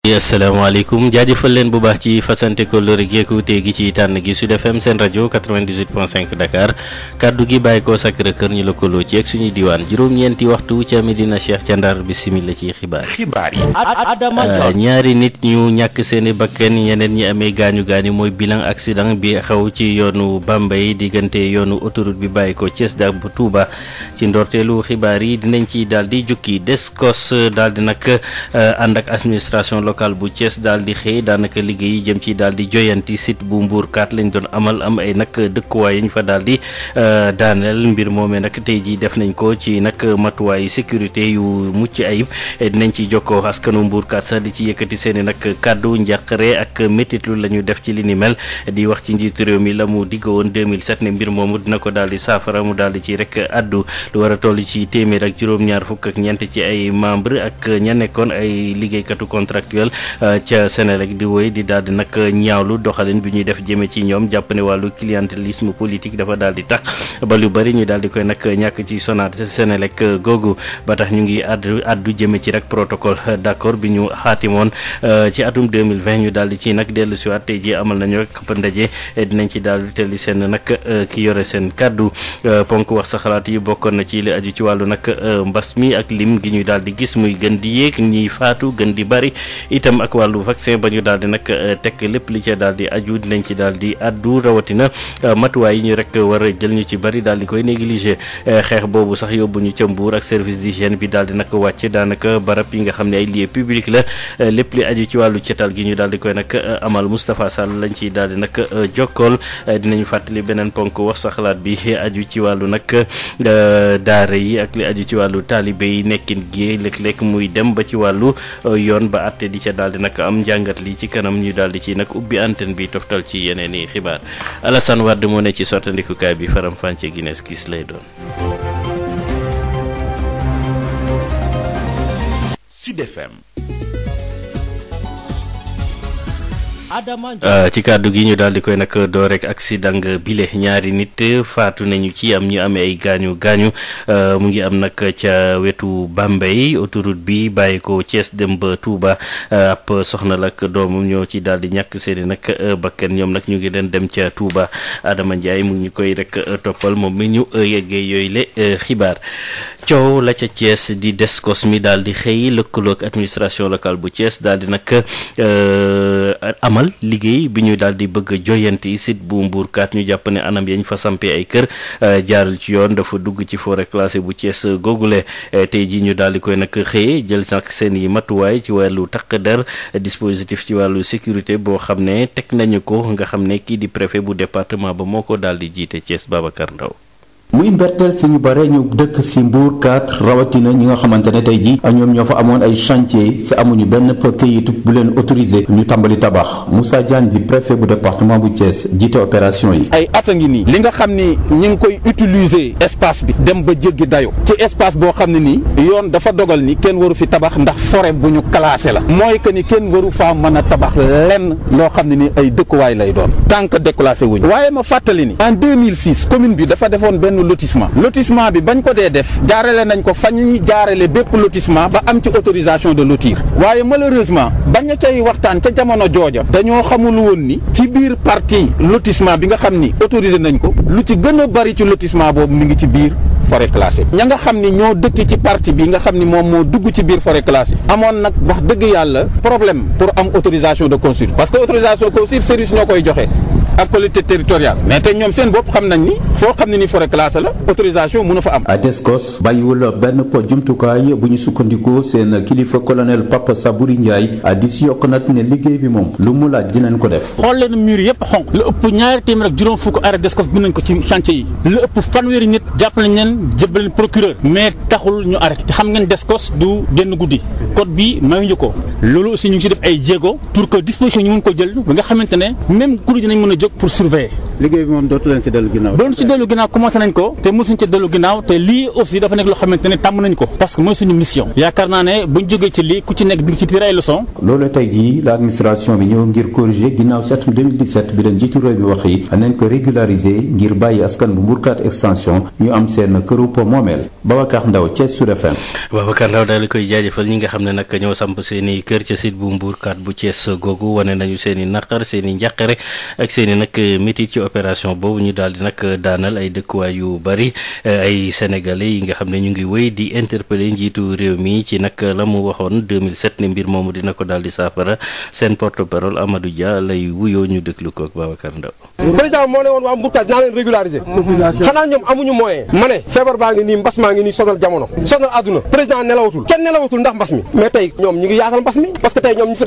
asalaamaaleykum jaajëfal leen bu baax ci fasante ko lër geeku tey gi ci tànn gi Sud FM seen rajo 98.5 Dakar kaddu gi bàyyi ko Sacré ñu lëkkaloo ci suñuy diwaan juróom-ñeenti waxtu ca Medina Cheikh ca Ndar bisimila ci xibaar xibaar yi euh, ñaari nit ñu ñàkk seeni bakkan yeneen ñi amee gaañu gaañu mooy bilan accident bi xaw ci yoonu Bambey diggante yoonu autoroute bi bàyyi ko Thiès bu Touba ci ndorteelu xibaar yi dinañ ci daal di jukki des Descos daal di nag euh, ànd ak administration local bu Thiès daal di xëy daanaka liggéey yi jëm ci daal di joyanti site bu Mbour 4 lañ doon amal am ay nag dëkkuwaay yu ñu fa daal di euh, daaneel mbir moomee nag tey jii def nañ ko ci nag matuwaay sécurité yu mucc ayib dinañ ci jokkoo askanu Mbour 4 di ci yëkkati seen i nag kàddu njàqare ak métitlu la ñu def ci li ni mel di wax ci njiitu réew mi la mu di saafara mu daal di ci rek addu lu war a toll ci téeméer ak juróom-ñaar fukk ak ñeent ci ay membre ak ña ay liggéeykatu contractuel Sénégal euh, ca Sénélec di wéy di daal di nag ñaawlu doxalin bi ñuy def jëme ci ñoom jàpp ne wàllu clientélisme politique dafa daal di tax ba lu bari ñu daal di koy nag ñàkk ci Sonatel Sénélec googu ba tax ñu ngi addu addu jëme ci rek protocole d'accord bi ñu xaatimoon euh, ci atum 2020 ñu daal di ci nag dellu siwaat tey ji amal nañu rek ndaje eh, dinañ ci daal di telli seen nag euh, ki yore seen kàddu ponk wax sa xalaat yi bokkoon na ci li aju ci wàllu nag mbas mi ak lim gi ñu daal di gis muy gën di yéeg di bari itam ak wàllu vaccin ba ñu daal di nag euh, teg lépp li cee daal di aju dinañ ci daal di addu rawatina euh, matuwaay yi ñu rek war a jël ñu ci bari daal di koy négligé euh, xeex boobu sax yóbbu ñu ca Mbuur ak service di d'hygiène bi daal di nag wàcc daanaka barab yi nga xam ne ay lieux publics la lépp li aju ci wàllu cetal gi ñu daal di koy nag amal Moustapha Sall lañ ciy daal di nag jokkool dinañu fàttali beneen ponk wax sa xalaat bi aju ci wàllu nag daara yi ak li aju ci wàllu taalibe yi nekkin gi léeg-léeg muy dem ba ci wàllu yoon ca daal di nag am njàngat lii ci kanam ñu daal di ci nag ubbi anten bi toftal ci yeneen i xibaar Alassane Wade moo ne ci sottandikukaay bi faram-fàcce Guinness kiis lay doon. Euh, ci kàddu gi ñu daal di koy nag doo rek accident bile ñaari nit faatu nañu ci am ñu amee ay gaañu gaañu euh, mu ngi am nag ca wetu bambay autoroute bi bàyyi ko Thiès dem ba Touba euh, ab soxna la ak doomam ñoo ci daal di ñàkk seeni nag bakkan ñoom nag ñu ngi leen dem ca Touba Adama Ndiaye mu ngi koy rek toppal moom mi ñu yeggee yooyu le xibaar. coow la ca Thiès di Descos mi daal di xëy lëkkaloo ak administration locale bu cees daal di nag euh, amal liggéey bi ñu daal di bëgg a joyanti site bu Mbourkat ñu jàpp ne anam yañ fa sampee ay kër euh, jaaral ci yoon dafa dugg ci forêt classée bu Thiès googule euh, tey jii ñu daal di koy nag xëyee jël nag seen i matuwaay ci wàllu takk der dispositif ci wàllu sécurité boo xam ne teg nañu ko nga xam ne kii di préfet bu département ba moo ko daal di jiite cees Babacar Ndaw muy mberteel si ñu bare ñu dëkk si Mbour 4 rawatina ñi nga xamante ne tey ji ñoom ñoo fa amoon ay chance si amuñu benn këyitu bu leen autorisé ñu tàmbali tabax Moussa Diagne ji préfet bu département bu Thiès jiite opération yi ay at a ngi nii li nga xam ni ñu ngi koy utiliser espace bi dem ba jéggi dayo ci espace boo xam ne nii yoon dafa dogal ni kenn waru fi tabax ndax forêt bu ñu classé la mooy que ni kenn waru faa mën a tabax lenn loo xam ne ni ay dëkkuwaay lay doon tant que déclassé wuñu waaye ma fàttali ni wàllu lotissement lotissement bi bañ ko dee def jaarale nañ ko fa ñu jaarale bépp lotissement ba am ci autorisation de lotir waaye malheureusement bañ a cay waxtaan ca jamono jooja dañoo xamul woon ni ci biir partie lotissement bi nga xam ni autorisé nañ ko lu ci gën a bari ci lotissement boobu mu ngi ci biir forêt classée ña nga xam ni ñoo dëkk ci parti bi nga xam ni moom moo dugg ci biir forêt classée amoon nag wax dëgg yàlla problème pour am autorisation de construire parce que autorisation de construire service ñoo koy joxe ak collectivité territoriale mais nañ kaasa la autorisation mun a fa am. Descos bàyyiwul benn po jumtukaay bu ñu sukkandikoo seen kilifa colonel Papa Sabouri Ndiaye di si yokk nag ne liggéey bi moom lu mu laaj dinañ ko def. xool leen mur yëpp xonq lu ëpp ñaari téeméer ak juróom fukk arrêt Descos ko ci chantier yi lu ëpp fanweeri nit jàpp nañ leen procureur mais taxul ñu arrêté xam ngeen Descos du génn guddi code bi mayuñu ko loolu aussi ñu ngi si def ay jéego pour que disposition ñu mën ko jël ba nga xamante ne même guddi dinañ mën a jóg ko te mosuñ ca dellu ginnaaw te lii aussi dafa nekk loo xamante ne tàmm nañ ko parce mooy suñu mission yaakaar naa ne buñ jógee ci lii ku ci nekk bi ngi ci tiré ay loolu tey jii la administration bi ñëw ngir corriger ginnaaw septembre 2017 bi leen jiitu réew mi wax yi nañ ko régulariser ngir bàyyi askan bu Mbourkat extension ñu am seen këru po moomeel Ndaw Thiès Sud FM Ndaw daal di koy jaajëfal ñi nga xam ne nag ñoo samp seen kër bu Mbourkat bu Thiès i naqar seen i njàqare ak seen i nag métit ci opération boobu ñu yu bari eh, ay sénégalais yi nga xam ne ñu ngi wéy di interpeller njiitu réew mi ci nag la mu waxoon 2007 mbir moomu dina ko daal saafara seen porte parole lay wuyoo ñu déglu ko ak Ndaw. président moo ne woon waa Mbour dinaa leen régulariser. xanaa ñoom amuñu moyen. ma ne feebar baa ngi nii mbas maa ngi nii sonal jamono. sonal àdduna président nelawatul kenn nelawatul ndax mbas mi mais tey ñoom ñu ngi yaatal mbas mi parce que tey ñoom ñu fi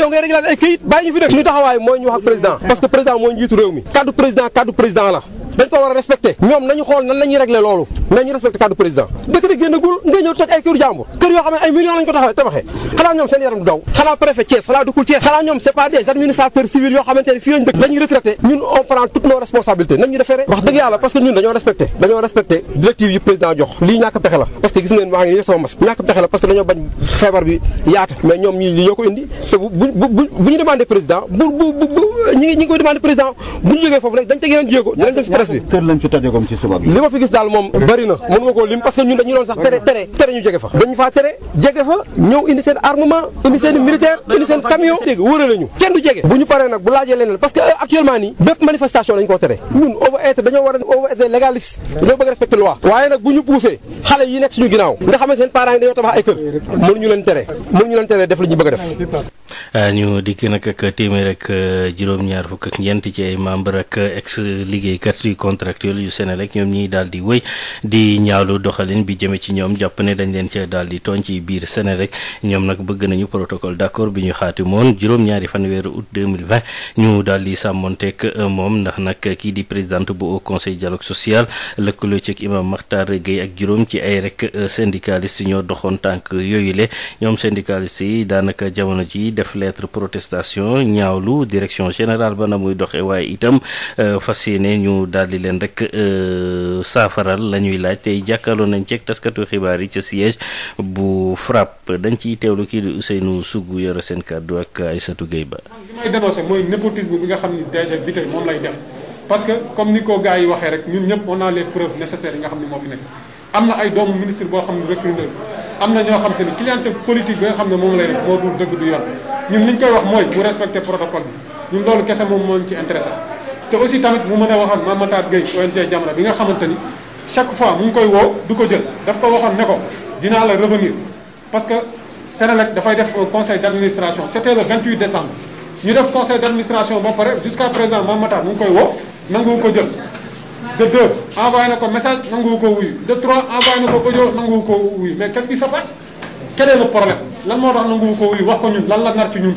yow ngay réglé ay këyit bàyyi ñu fi def suñu taxawaay mooy ñu wax ak président parce que président mooy njiitu réew mi kaddu président kaddu président la dañ ko war a respecté ñoom nañu xool nan la ñuy réglé loolu nañu respecté kaddu président décret génnagul nga ñëw teg ay kër jàmbur kër yoo xam ne ay millions lañ ko taxawee tabaxee xanaa ñoom seen yaram du daw xanaa préfet Thiès xanaa dëkkul Thiès xanaa ñoom c'est pas des administrateurs civils yoo xamante ne fii lañ dëkk dañuy retraité ñun on prend toutes nos responsabilités nañ ñu defeere wax dëgg yàlla parce que ñun dañoo respecté dañoo respecté directive yi président jox lii ñàkk pexe la parce que gis ngeen maa ngi nii sama mas ñàkk pexe la parce que dañoo bañ feebar bi yaata mais ñoom ñii li ñoo ko indi bu bu ñu demandé président bu ñu ngi ñu ngi koy demandé président bu ñu jógee foofu nag dañ teg yeneen jéego ñu leen dem si presse li ma fi gis daal moom bëri na mën nga koo lim parce que ñun dañu doon sax tere tere tere ñu jege fa dañu faa tere jege fa ñëw indi seen armement indi seen militaire indi seen camion dégg wërale ñu kenn du jege bu ñu paree nag bu laajee leneen parce que euh, actuellement nii bépp manifestation dañ koo tere ñun over être dañoo war over être légaliste dañoo bëgg ñu dikk nag ak téeméer ak euh, juróom-ñaar fukk ak ñeent ci ay membre ak euh, ex liggéeykat yu contractuel yu Senelec ñoom ñi daal di wéy di ñaawlu doxalin bi jëme ci ñoom jàpp ne dañ leen ca daal di tooñ ci biir Senelec ñoom nag bëgg nañu protocole d'accord bi ñu xaati moon juróom-ñaari fan weeru août 2020 ñu daal di sàmmonteeg euh, moom ndax nag kii di présidente bu au conseil dialogue social lëkkaloo ci imam Makhtar Gueye ak juróom ci ay rek syndicaliste ñoo doxoon tànk yooyu le reconnaître protestation ñaawlu direction générale ba na muy doxee waaye itam euh, fas yéene ñu daal di leen rek euh, saafaral lañuy laaj tey jàkkaarloo nañ ceeg taskatu xibaar yi ca siège bu FRAPP dañ ciy teewlu kii di Ousseynou Sougou yore seen kàddu ak satu Gueye Ba. mooy népotisme bi nga xam ni DG Bitèye moom lay def parce comme ni ko gars yi waxee rek ñun ñëpp on a les preuves nécessaires yi nga xam ni moo fi nekk am na ay doomu ministre boo xam ne recruteur am na ñoo xam te ni clientèle politique bi nga xam ne moom lay def moo dul dëgg du yoon ñun li ñu koy wax mooy mu respecté protocole bi ñun loolu kese moom moo ñu ci intéressé te aussi tamit mu mën a waxoon Mame Matar Gueye ONG Jamra bi nga xamante chaque fois mu ngi koy woo du ko jël daf ko waxoon ne ko dinaa la revenir parce que Sénélec dafay def un conseil d' administration c' était le 28 décembre ñu def conseil d' administration ba pare jusqu' à présent de deux envoyé na ko message nanguwu ko wuyu de trois envoyé na ko audio nanguwu ko wuyu mais qu'est-ce qui se passe quel problème lan moo tax nanguwu ko wuyu wax ko ñun lan la nar ci ñun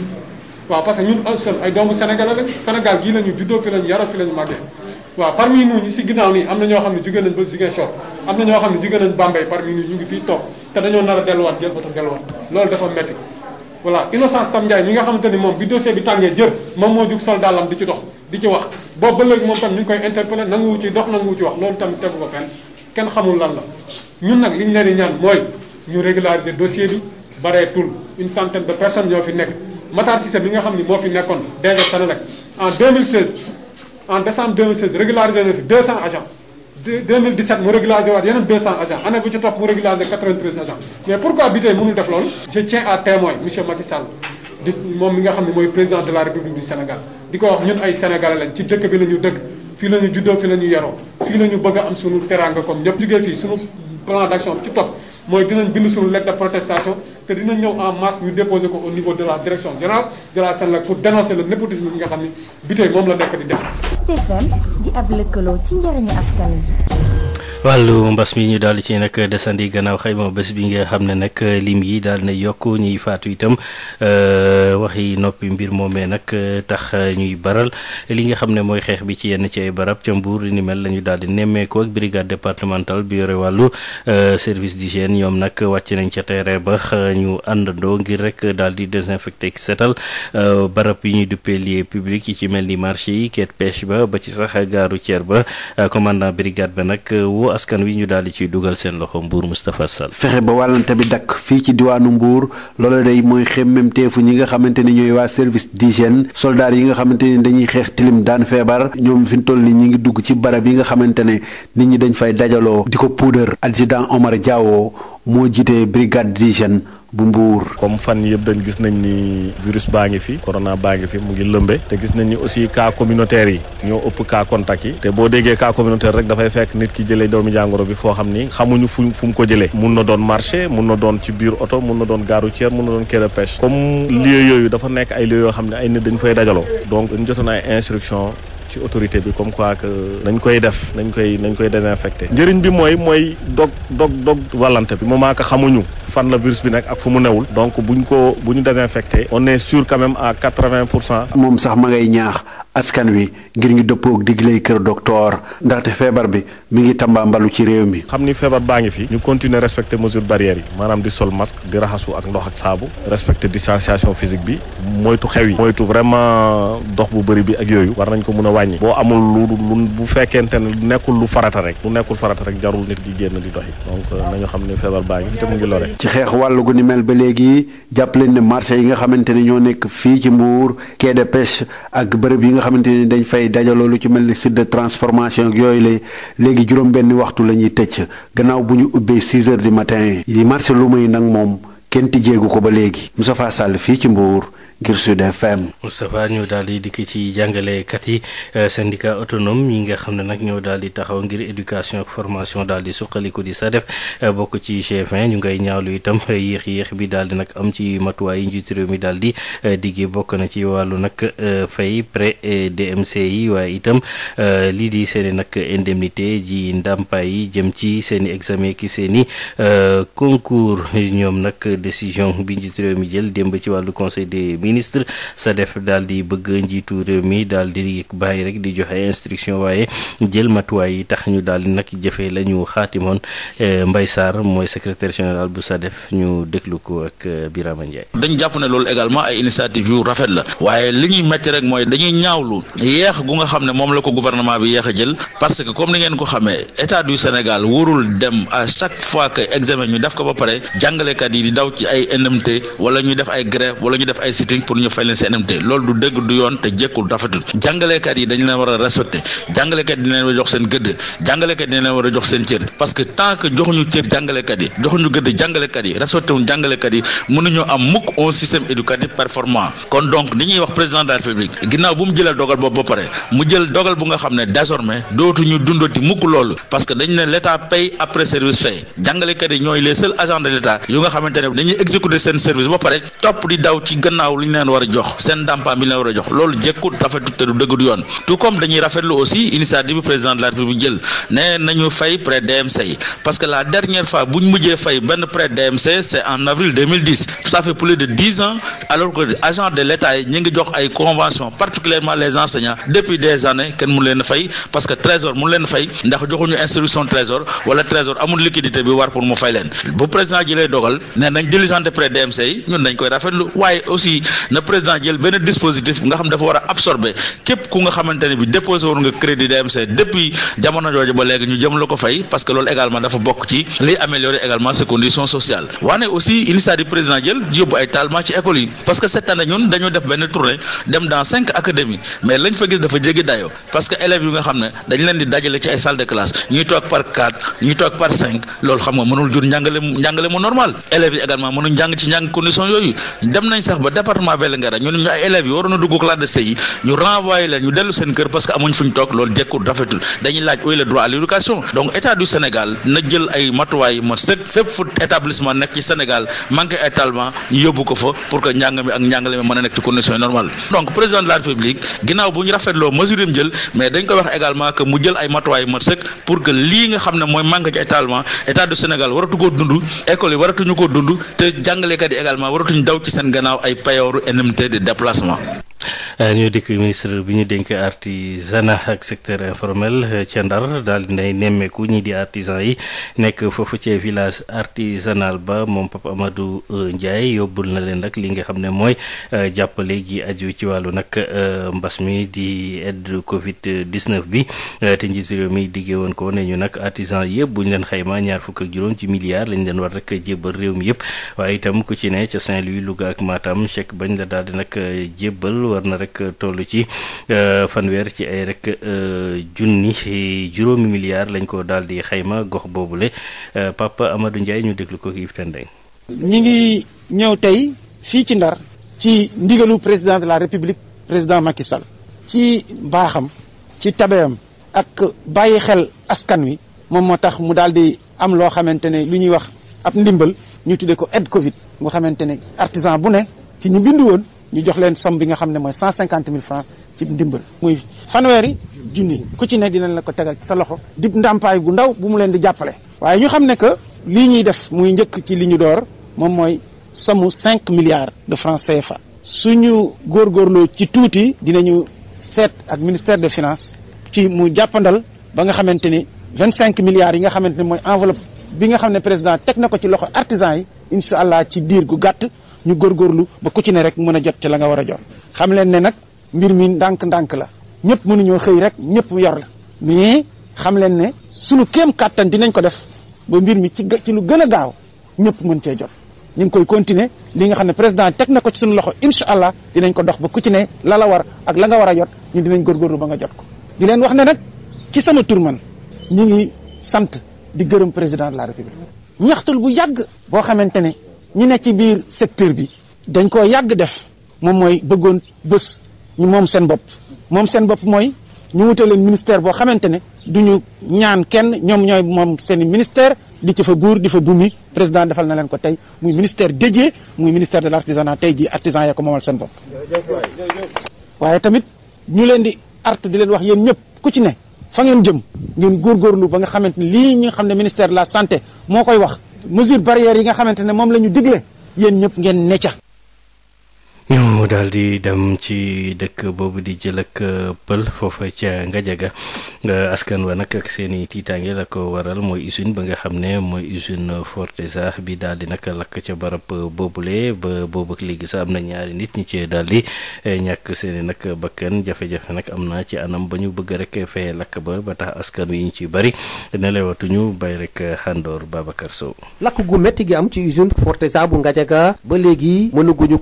waaw parce que ñun un ay doomu sénégalais lañ Sénégal gii la ñu juddoo fi la ñu yaroo fi la ñu màggee parmi nous ñi si ginnaaw nii am na ñoo xam ne jugee nañ ba Ziguinchor am na ñoo xam ne jugee nañ Bambey parmi nous ñu ngi fii toog te dañoo nar a delluwaat jël oto delluwaat loolu dafa métti voilà innocence tam Ndiaye mi nga xamante ni moom bi dossier bi tàngee jër moom moo jug sol dàllam di ci dox di ci wax boobu ba moom tam ñu ngi koy interpellé nanguwu ci dox nanguwu ci wax loolu tamit tegu ko fenn kenn xamul lan la ñun nag li ñu leen di ñaan mooy ñu régulariser dossier bi bareetul une centaine de personnes ñoo fi nekk Matar Cissé mi nga xam ni moo fi nekkoon DG Senelec en 2016 en décembre 2016 régularisé na fi 200 agents 2017 mu régularisé waat yeneen 200 agents a bu ci topp mu régularisé 93 agents mais pourquoi bi tey mënul def loolu je tiens à témoin monsieur Macky di moom mi nga xam ne mooy président de la république du Sénégal di ko wax ñun ay sénégalais lañ ci dëkk bi la dëkk fii la ñu fii la yaroo fii la bëgg a am suñu teraanga comme ñëpp jógee fii suñu plan d'action ci topp mooy dinañ bind suñu lettre de protestation te dinañ ñëw en masse ñu déposer ko au niveau de la direction générale de la Senelec pour dénoncer le népotisme bi nga xam ni bi moom la nekk di def. Sud FM di ab lëkkaloo ci njëriñu askan wi. wàllu mbas mi ñu daal ci nag desandi gannaaw xayma bés bi nga xam ne nag lim yi daal na yokk ñuy faatu itam euh, waxi noppi mbir moom moomee nag tax ñuy baral li nga xam ne mooy xeex bi ci yenn ci ay barab ca Mbuur ni mel la ñu daal di nemmeeku ak brigade départementale bi yore wàllu euh, service di d'hygiène ñoom nag wàcc nañ ca terrain ba ñu àndandoo ngir rek daal di désinfecté ak setal euh, barab yi ñuy duppee lieu public yi ci mel ni marché yi keet pêche ba ba ci sax gaaru ceer ba commandant ba nag askan wi ñu daal di ciy dugal seen loxo Mbour Moustapha Sall. fexe ba wàllante bi dakk fii ci diwaanu Mbour loolu day mooy xemmemteefu ñi nga xamante ni ñooy waa service d'hygiène soldats yi nga xamante ni dañuy xeex tilim daan feebar ñoom fi ñu toll nii ñu ngi dugg ci barab yi nga xamante ne nit ñi dañ fay dajaloo di ko puudar adjudant Omar Diawo. moo jiite brigade d'hygiène bu Mbour. comme fan yëpp dañ gis nañ ni virus baa ngi fi corona baa ngi fi mu ngi lëmbe te gis nañ ni aussi cas communautaire yi ñoo ëpp cas contact yi te boo déggee cas communautaire rek dafay fekk nit ki jëlee doomi jàngoro bi foo xam ni xamuñu fu fu mu ko jëlee mun na doon marché mun na doon ci biir oto mun na doon gare routière mun na doon quai de pêche comme lieu yooyu dafa nekk ay lieu yoo xam ne ay nit dañ fay dajaloo donc ñu jotoon ay ci autorité bi comme quoi que nañ koy def nañ koy nañ koy désinfecté njëriñ bi mooy mooy dog dog dog wàllante bi moment que xamuñu fan la virus bi nekk ak fu mu newul donc buñ ko bu ñu désinfecté on est sûr quand même à quatre-vingts pour cent moom sax ma ngay ñaax askan wi ngir ñu dëppoog digley kër docteur ndaxte feebar bi mi ngi tamba mbalu ci réew mi. xam ni feebar baa ngi fi. ñu continuer respecter mesure barrière yi maanaam di sol masque di raxasu ak ndox ak saabu respecter distanciation physique bi moytu xew yi. moytu vraiment dox bu bëri bi ak yooyu. war nañ ko mun a wàññi. boo amul lu lu bu fekkente ne lu nekkul lu farata rek. lu nekkul farata rek jarul nit di génn di doxi donc euh, nañu xam ne feebar baa ngi fi te mu ngi lore. ci xeex wàllu gu ni mel ba léegi yi nga xamante ne ñoo nekk fii ci Mbour quai de yi xamante ni dañ fay dajaloo lu ci mel ni site de transformation yooyu la léegi juróom-benni waxtu la ñuy tëcc gannaaw bu ñu ubbee 6 heures du matin yi marché lu muy nag moom kenn tijjeegu ko ba léegi mu Moustapha Sall fii ci Mbour ngir Sud FM. Moustapha ñu daal di dikk ci jàngalekat yi euh, syndicat autonome yi nga xam ne nag ñoo daal di taxaw ngir éducation ak formation daal di suqaliku di sa def euh, bokk ci G20 ñu ngay ñaawlu itam yéex yéex bi daal di nag am ci matuwaay yi njiitu réew mi daal di euh, diggee bokk na ci wàllu nag fay pré DMC yi waaye itam lii di seen i nag indemnité ji ndàmpaay yi jëm ci seen i examen ki seen i concours ñoom nag décision bi njiitu réew jël démb ci wàllu conseil des ministre sa def daal di bëgg njiitu réew mi daal di bàyyi rek di joxe instruction waaye jël matuwaay yi tax ñu daal di nag jëfee la ñu xaatimoon eh, Mbaye Sarr mooy secrétaire général bu sa def ñu déglu ko ak eh, Birama Ndiaye. dañ jàpp ne loolu également ay initiative yu rafet la waaye li ñuy metti rek mooy dañuy ñaawlu yeex gu nga xam ne moom la ko gouvernement bi yeex a jël parce que comme ni ngeen ko xamee état du Sénégal wurul dem à chaque fois ko ba pare jàngalekat yi di daw pour ñu fay leen seen am te loolu du dëgg du yoon te jekkul rafetul jàngalekat yi dañ leen war a jàngalekat yi dañ leen war a jàngalekat yi dañ leen a jox seen cër jàngalekat yi joxuñu gëdd jàngalekat yi respecté wuñ jàngalekat am mukk un système éducatif performant kon donc li ñuy wax président de la république ginnaaw bu mu jëlee dogal boobu ba mu jël dogal bu nga xam ne désormais dootuñu dundati mukk loolu parce que dañ ne l' état paye après service fait jàngalekat yi l' état li leen war a jox seen ndàmpaam bi leen war a jox loolu jekkut rafetut te du dëgg du yoon tout comme dañuy rafetlu aussi initiative bu président de la république jël ne nañu fay prêt DMC yi parce que la dernière fois bu ñu mujjee fay benn prêt DMC c'est en avril 2010 ça plus de ans alors que agent de l'État yi ñu ngi jox ay convention particulièrement les enseignants depuis des années kenn mun leen fay parce que trésor mun leen fay ndax joxuñu instruction trésor wala trésor amul na président jël benn dispositif nga xam dafa war a képp ku nga xamante bi déposé woon nga crédit DMC depuis jamono jooju ba léegi ñu jëm la ko fay parce que loolu également dafa bokk ci liy améliorer également ci école yi parce que cette année def benn tournée dem dans cinq académies mais lañ fa gis dafa jéggi dayoo parce que élèves yi nga xam ne dañ leen di dajale ci ay salle de classe ñuy toog par quatre ñuy toog par cinq loolu département Vélingara ñu ne ñu ay élèves yi waroon a dugg de CI ñu renvoyé leen ñu dellu seen kër parce que amuñ fuñ toog loolu jekkul rafetul dañuy laaj ooy le droit à l'éducation donc état du Sénégal na jël ay matuwaay mat sëkk fépp fu établissement nekk ci Sénégal manqué étalement ñu yóbbu ko fa pour que njàng ak njàngale mi mën a nekk ci condition donc président de la République ginnaaw bu ñu rafetloo mesure yi jël mais dañ ko wax également rapport NMT de déplacement Euh, ñoo dikk ministre bi ñu dénk artisanat ak secteur informel euh, ca Ndar daal dinay nemmeeku ñii di artisan yi nekk foofu ci village artisanal ba moom Papa Amadou euh, Ndiaye yóbbul na leen nag li nga xam ne mooy jàppale gi aju ci wàllu nag mbas mi di aide Covid 19 bi te njiitu réew mi diggee woon ko ne ñu nag artisan yëpp bu ñu leen xayma ñaar fukk ak juróom ci milliards lañ leen war rek jébbal réew mi yëpp waaye itam ku ci ne ca Saint-Louis Louga ak Matam chèque bañ la daal di nag jébbal war rek toll ci euh, fanweer ci ay rek euh, junni juróomi milliards lañ ko daal di xayma gox boobu boobule euh, Papa Amadou Ndiaye ñu déglu ko ak Yves Tendeng ñi ngi ñëw tey fii ci Ndar ci ndigalu président de la République président Macky Sall ci baaxam ci tabeem ak bàyyi xel askan wi moom moo tax mu daal di am loo xamante ne lu ñuy wax ab ndimbal ñu tuddee ko aide Covid nga xamante ne artisan bu ne ci ñu bindu woon ñu jox leen somme bi nga xam ne mooy cent cinquante mille francs ci ndimbal muy fanweeri junni ku ci ne dinañ la ko tegal ci sa loxo di ndàmpaay gu ndaw bu mu leen di jàppale waaye ñu xam ne que lii ñuy def muy njëkk ci li ñu door moom mooy samu cinq milliards de francs CFA suñu góorgóorloo ci tuuti dinañu seet ak ministère de finance ci mu jàppandal ba nga xamante ni vingt cinq milliards yi nga xamante ni mooy enveloppe bi nga xam ne président teg na ko ci loxo artisan yi incha allah ci diir gu gàtt ñu góorgóorlu ba ku ci ne rek mën a jot ci la nga war a jot xam leen ne nag mbir mi ndànk-ndànk la ñëpp mënuñoo xëy rek ñëpp yor la mais xam leen ne sunu kem kàttan dinañ ko def ba mbir mi ci ci lu gën a gaaw ñëpp mën cee jot ñu ngi koy continuer li nga xam ne président teg na ko ci suñu loxo incha allah dinañ ko dox ba ku ci ne la war ak la nga war a jot ñu dinañ góorgóorlu ba nga jot ko di leen wax ne nag ci sama tur ñu ngi sant di gërëm président la république xamante ne ñi ne ci biir secteur bi dañ koo yàgg def moom mooy bëggoon bës ñu moom seen bopp moom seen bopp mooy ñu wutee leen ministère boo xamante ne ñu ñaan kenn ñoom ñooy moom seeni ministère di ci fa buur di fa bumi président defal na leen ko tey muy ministère dédié muy ministère de l'artisanat tey jii artisan yee ko moomal seen bopp waaye tamit ñu leen di artu di leen wax yéen ñëpp ku ci ne fa ngeen jëm ngeen góorgóorlu ba nga xamante ne lii ñi nga xam ne ministère la santé moo koy wax mesure barrière yi nga xamante ne moom la ñu digle yéen ñëpp ngeen necca ñu daal di dem ci dëkk boobu di jël ak euh, pël foofa ca Ngajaga euh, askan wa nag ak seen i tiitaange la ko waral mooy usine ba nga xam ne mooy usine Fortesa bi daal di nag lakk ca barab euh, boobule ba boobu léegi sax am na ñaari nit ñi ci daal di ñàkk seen i nag bakkan jafe-jafe nag am na ci anam ba ñu bëgg rek fee lakk ba ba tax askan bi ñu ci bëri ne lewatuñu bay rek xandoor Babacar Sow. lakk gu métti gi am ci usine Fortesa bu Ngajaga ba léegi mënaguñu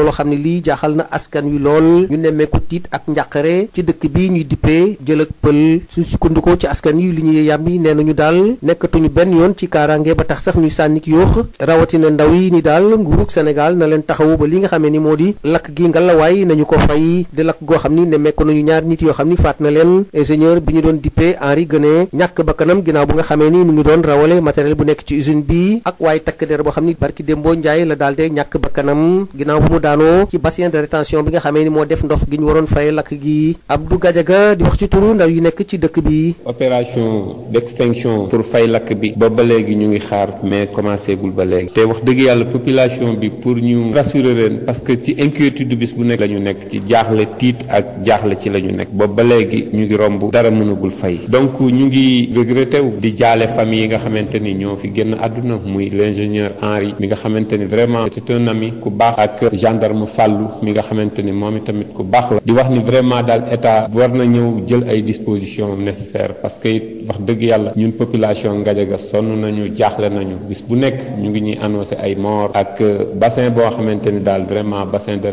loolu xam ne lii jaaxal na askan wi lool ñu nemmeeku tiit ak njàqare ci dëkk bi ñuy dippee jël ak pël su sukkandikoo ci askan yi li ñuy yàmbi nee nañu daal nekkatuñu benn yoon ci kaaraange ba tax sax ñuy sànnik yoox rawatina ndaw yi ni daal nguurug senegal na leen taxawu ba li nga xamee ni moo di lakk gi ngalawaay nañu ko fay di lakk goo xam ni nemmeeku nañu ñaar nit yoo xam ni faat na leen ingénieur bi ñu doon dippee Henri Guéné ñàkk bakkanam ginnaaw nga xamee ni mu ngi doon rawale matériel bu nekk ci usine bi ak waaye takk der boo xam ni barki démboo Njaay la daal de ñàkk bakkanam ginnaaw bu daanoo ci bassin de rétention bi nga xamee ni moo def ndox gi ñu waroon fay lakk gi Abdou Gadiaga di wax ci turu ndaw yi nekk ci dëkk bi. opération d'extinction pour fay lakk bi ba ba léegi ñu ngi xaar mais commencé gul ba léegi te wax dëgg yàlla population bi pour ñu rassurer leen parce que ci inquiétude bis bu nekk la ñu nekk ci jaaxle tiit ak jaaxle ci la ñu nekk ba ba léegi ñu ngi romb dara mënagul fay donc ñu ngi regretté wu di jaale famille yi nga xamante ni ñoo fi génn adduna muy l'ingénieur Henri mi nga xamante ni gendarme fàllu mi nga xamante ni moom itamit ku baax la di wax ni vraiment daal état war na ñëw jël ay dispositions nécessaires parce que it wax dëgg yàlla ñun population Ngadiaga sonn nañu jaaxle nañu bis bu nekk ñu ngi ñuy annoncé ay mort ak euh, bassin boo xamante ni daal vraiment bassin de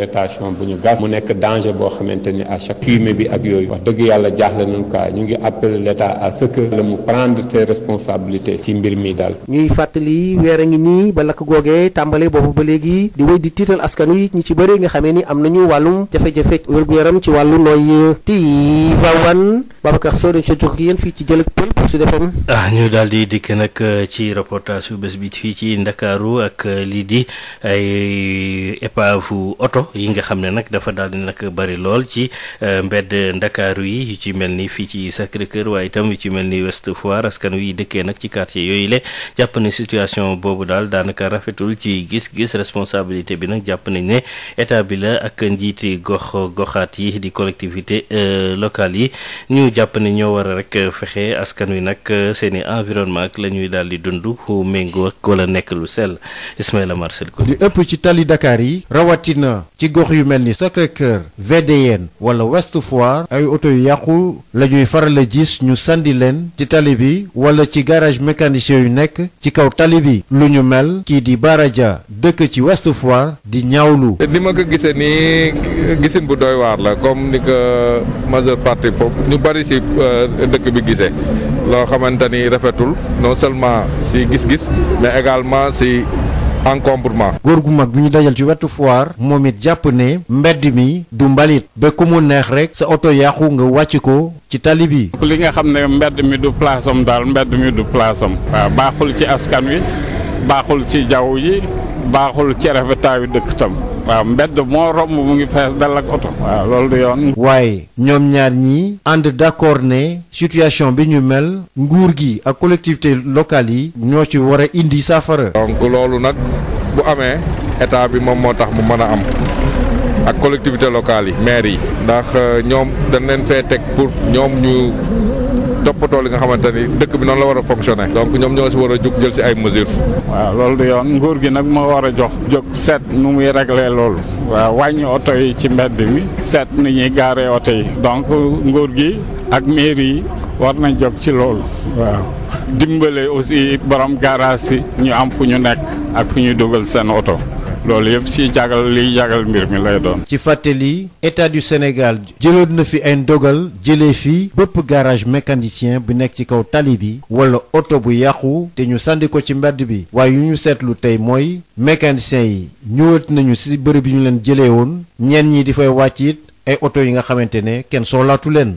bu ñu gas mu nekk danger boo xamante ni à chaque fumée bi ak yooyu wax dëgg yàlla jaaxle nañu quoi ñu ngi appeler l'état à ce que la mu prendre ses responsabilités ci mbir mi daal. ñi ci bëri nga xamee ni am nañu wàllum jafe-jafe wér-gu-yaram ci wàllu nooy tiivawan Babacar Sow dañ siy jokkoo ak yéen fii ci Jël ak Pël pour Sud FM. ah ñu daal di dikk nag eh, ci reportage yu bés bi fii ci Ndakaaru ak eh, lii di ay épave oto yi nga xam ne nag dafa daal di nag bari lool ci eh, mbedd Ndakaaru yi yu ci mel ni fii ci Sacré-Cœur waaye itam yu ci mel ni Ouest Foire askan wi dëkkee nag ci quartier yooyu le jàpp ne situation boobu daal daanaka rafetul ci gis-gis responsabilité bi nag jàpp nañ ne état bi la ak njiiti gox goxaat yi di collectivité locale yi jàpp ne ñoo war a rek euh, fexe askan wi nag euh, seen i environnement ak la ñuy daal di dund méngoo ak wala nekk lu sell Ismaïla Marcel ko li ëpp ci tali Dakar yi rawatina ci gox yu mel ni Sacré-Cœur VDN wala Ouest Foire ay oto yu yàqu la ñuy faral a gis ñu sandi leen ci tali bi wala ci garage mécanicien yu nekk ci kaw tali bi lu ñu mel kii di Baraja dëkk ci Ouest Foire di ñaawlu ni ma ko gise nii gisin bu doy waar la comme ni ko majeure partie pop si euh, dëkk bi gisee loo xamante ni rafetul non seulement si gis-gis mais également ci encombrement. góor gu mag bi ñu dajal ci wetu foire moom it jàpp ne mbedd mi du mbalit bekk mu neex rek sa oto yàqu nga wàcc ko ci tali bi. li nga xam ne mbedd mi du place daal mbedd mi du place am. baaxul ci askan wi baaxul ci jaww ji. baaxul ci rafetaayu dëkk tam waaw mbedd moo romb mu ngi fees dal ak oto waaw loolu du yoon. waaye ñoom ñaar ñi ànd d'accord ne situation bi ñu mel nguur gi ak collectivité locale yi ñoo ci war a indi saafara. donc loolu nag bu amee état bi moom moo tax mu mën a am. ak collectivité locale yi maire yi ndax euh, ñoom dañ leen fee teg pour ñoom ñu toppatoo li nga xamante ni dëkk bi noonu la war a fonctionner donc ñoom ñoo si war a jug jël si ay mesures. waaw loolu du yoon nguur gi nag moo war a jox jóg seet nu muy régler loolu. waa wàññi oto yi ci mbedd mi seet nu ñuy gaaree oto yi donc nguur gi ak mairie yi war nañ jog ci loolu waaw dimbale aussi borom garage si ñu am fu ñu nekk ak fu ñu dugal seen oto loolu yëpp si jagal liy jagal mbir mi lay doon. ci fàttali état du Sénégal jëloon na fi ay ndogal jëlee fi bépp garage mécanicien bi nekk ci kaw tali bi wala oto bu yàqu te ñu sànni ko ci mbàdd bi waaye yu ñu seetlu tey mooy mécanicien yi ñëwaat nañu si bërëb yi ñu leen jëlee woon ñenn ñi di fay wàcc ay oto yi nga xamante ne kenn soxlaatu leen.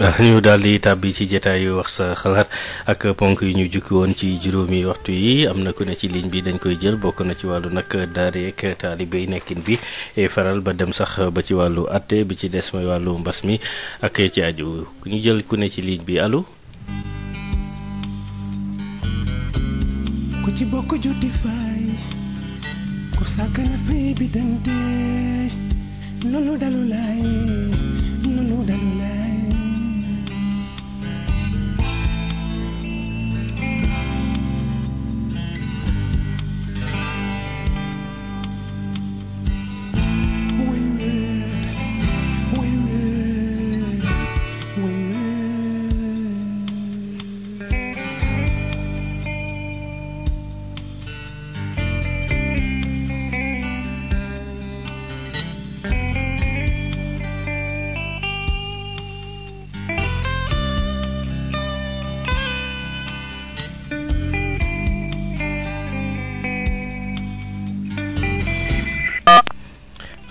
ñu daal di tàbbi ci jotaayu wax sa xalaat ak ponk yu ñu jukki woon ci juróomi waxtu yi am na ku ne ci ligne bi dañ koy jël bokk na ci wàllu nag daare ak taalibe nekkin bi e faral ba dem sax ba ci wàllu atte bi ci des mooy wàllu mbas mi ak ci aju ñu jël ku ne ci ligne bi allo. ku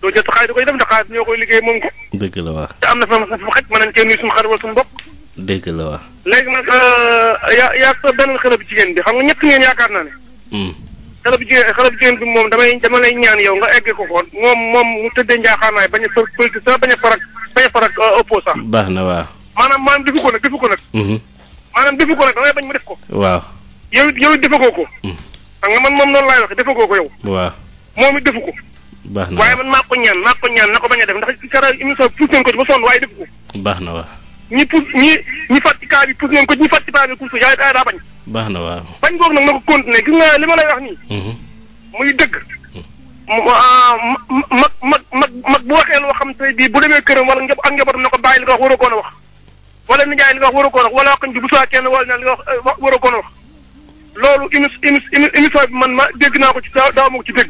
doo jël sa xaalis di koy def ndax xaalis ñoo koy liggéey moom ko. dëgg la waaw. te am na sama sama xaj mën nañ cee nuyu suñu xar wala suñu bopp. dëgg la waaw. léegi nag euh, yaa yaa sa benn xale bu jigéen bi xam nga ñett ngeen yaakaar naa ne. Hmm. xale bu jigéen xale bu jigéen bi moom damay dama lay ñaan yow nga egg ko ko moom moom mu tëddee njaaxaanaay bañ a fa politique bañ a farak bañ a farak euh, opposant. baax na waaw. maanaam maanaam defu ko nag defu ko nag. Hmm. maanaam defu ko nag damay bañ mu def ko. waaw yow yow defagoo ko. Hmm. xam nga man moom noonu laay waxee defagoo ko yow. waaw moom it baax na waaye man maa ko ñaan maa ko ñaan na ko bañ a def ndax kara émission bi pousse nañ ko ci ba sonn waaye def ko. baax na waaw. ñi pousse ñi ñi fàtti bi pousse nañ ko ñi fàtti paa bi pousse yaay daa daa bañ. na waaw. bañ boobu nag na ko continuer gis li ma lay wax nii. Mhm. muy dëgg. mag mhm. ah, mag mag mag bu bii bu demee wala njab ak na ko bàyyi li nga wax waroo koon wax. wala nijaay li nga a wax bu saa kenn wala li nga wax eh, waroo koon a wax. loolu émi émi émission bi man ma dégg naa ko ci daaw daaw ma ko ci dégg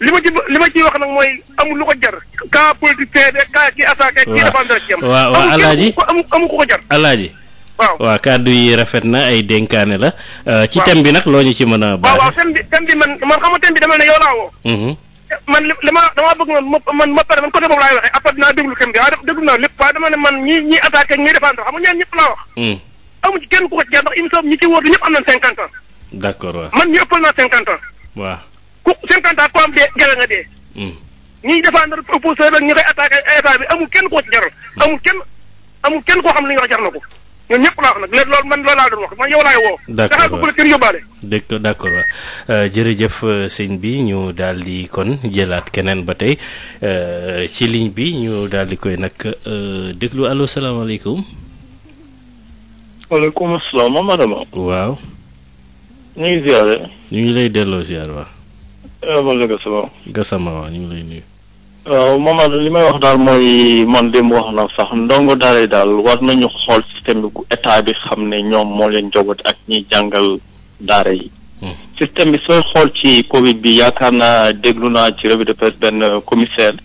li ma ci li ma ciy wax nag mooy amul lu ko jar. kaa politicien de kaa kii attaqué. kii dafa am dara ci am. waaw waa alaaji amul amul ku ko yi rafet na ay dénkaane la. Euh, ci thème bi nag loo ñu ci mën a. waaw waaw thème bi thème bi man man xam nga thème bi dama ne yow laa woo. Mm-hmm. man li li ma damaa bëgg man man ma pare man côté boobu laay waxee après dinaa déglu thème bi waaye déglu naa lépp waaye dama ne man ñi ñi attaqué ñi défendre xam nga ñaan ñëpp laa wax. Mm. amu ci kenn ku ko ci wóor am nañ cinquante ans. man ñu ëppal naa ku cinquante ans ku am dee jawe nga dee. Hmm. ñiy défendre oppositeur ak ñi koy attaqué état bi amul kenn koo ci jaral. Hmm. amul kenn amul kenn koo xam ne li wax jar na ko. ñun ñëpp laa wax man loolu laa doon wax d' accord d' accord jërëjëf euh, sëñ bi ñu daal di kon jëlaat keneen ba tey euh, ci ligne bi ñu daal di koy nag euh, déglu allo salaamaaleykum. waaleykum salaam madama. waaw. ñu ngi ziare. ñu ngi lay delloo ziar waaw. man eh, la Gassama waaw. Gassama waaw ñu lay nuyu. waaw eh, Momar li may wax daal mooy man démb wax na sax ndongo daara daal war nañu xool système bi bu état bi xam ne ñoom moo leen jogot ak ñiy jàngal daara yi. Hmm. système bi sooy xool ci Covid bi yaakaar naa déglu naa ci revue de presse benn commissaire.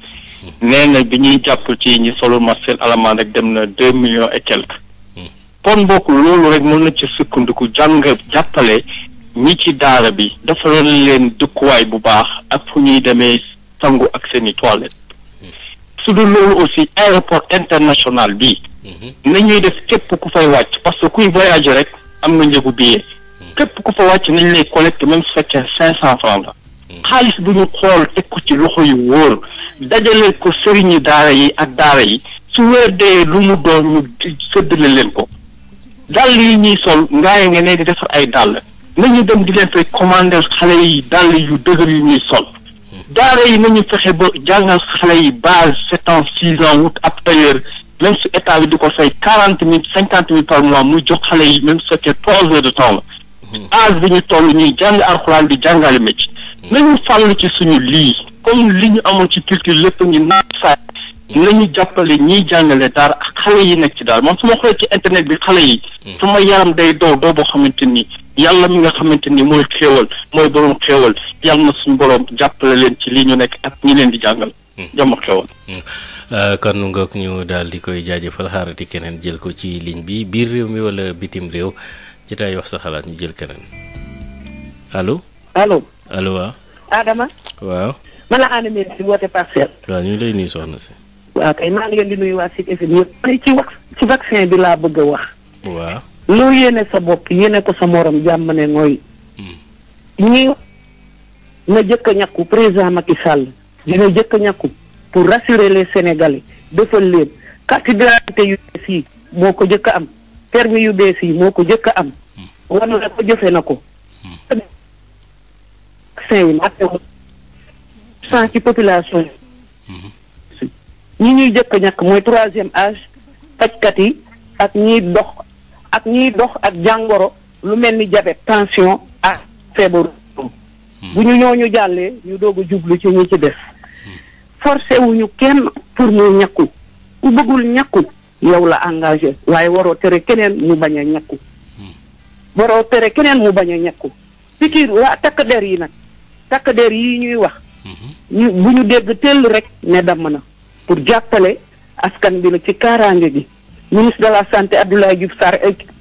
Hmm. nee na bi ñuy jàpp ci ñi solo ma seen alamaan rek dem na deux millions et quelque. Hmm. kon mbokk loolu rek mën na ci sukkandiku jàng jàppale. ñi ci daara bi dafa defaroon leen dëkkuwaay bu baax ak fu ñuy demee sangu ak seeni toilette su dul loolu aussi aéroport international bi mhm. na ñuy def képp ku fay wàcc parce que kuy voyage rek am na njëgu billet mhm. képp ku fa wàcc nañ lay collecté même su fekkee cinq cent la mhm. xaalis bu ñu xool teg ko ci loxo yu wóor dajale ko sëriñi daara yi ak daara yi su weer dee lu mu doon ñu sëddale leen ko dàll yi ñuy sol ngaa ye nga ne di defar ay dàll nañu dem di leen fay commander xale yi dàll yu dëgër yu ñuy sol daara yi nañu fexe ba jàngal xale yi base sept ans six ans wut ab tailleur su état bi di ko fay quarante mille cinquante mille par mois mu jox xale yi même su fekkee trois heures de temps la âge bi ñu toll ñuy jàng alxuraan bi jàngale métier nañu fàll ci suñu lii comme li ñu amoon ci culture lépp ngi naat saay nañu jàppale ñiy jàngale daara ak xale yi nekk ci daal moom su ma xoolee ci internet bi xale yi hmm. su ma yaram day doo doo boo xamante nii yàlla mi nga xamante ni mooy xéewal mooy boroom xéewal yàlla na suñu boroom jàppale leen ci lii ñu nekk ak ñi leen di jàngal. Hmm. jàmm xéewal. Hmm. Euh, kon nga ñu daal di koy jaajëfal xaarati keneen jël ko ci ligne bi biir réew mi walla bitim réew ci tay wax sa xalaat ñu jël keneen allo. allo allo waaw. waaw. man la Anna Mary si woote parcelle. waaw ñu lay nuyu soxna si. waaw kay maa ngi di nuyu waa Sud FM ñëpp. ci ci vaccin bi laa bëgg a wax. waaw. loo yéene sa bopp yéene ko sa morom jàmm ne mooy ñii na jëkk a ñàkku président Macky Sall dina jëkk a ñàkku pour rassurer les sénégalais defal leen carte d'identité yu bees yi moo ko jëkk a am permis yu bees yi moo ko jëkk am wan na ko jëfe na ko vaccin ci population yi ñi ñuy jëkk ñakk mooy troisième âge fajkat yi ak ñiy dox ak ñiy dox ak jàngoro lu mel ni diabète tension ak feebaru hmm. bu ñu ñoo ñu jàllee ñu doog a jublu ci ñu ci def forcé wuñu kenn pour mu ñakku ku bëggul ñakku yow la engage waaye waroo tere keneen mu bañ a ñàkku hmm. waroo tere keneen mu bañ a ñàkku pikiir waa takk der yi nag takk der yi ñuy wax hmm. bu ñu dégg tell rek ne damm na pour jàppale askan bi la ci kaaraange gi ministre de la santé Abdoulaye Diouf Sarr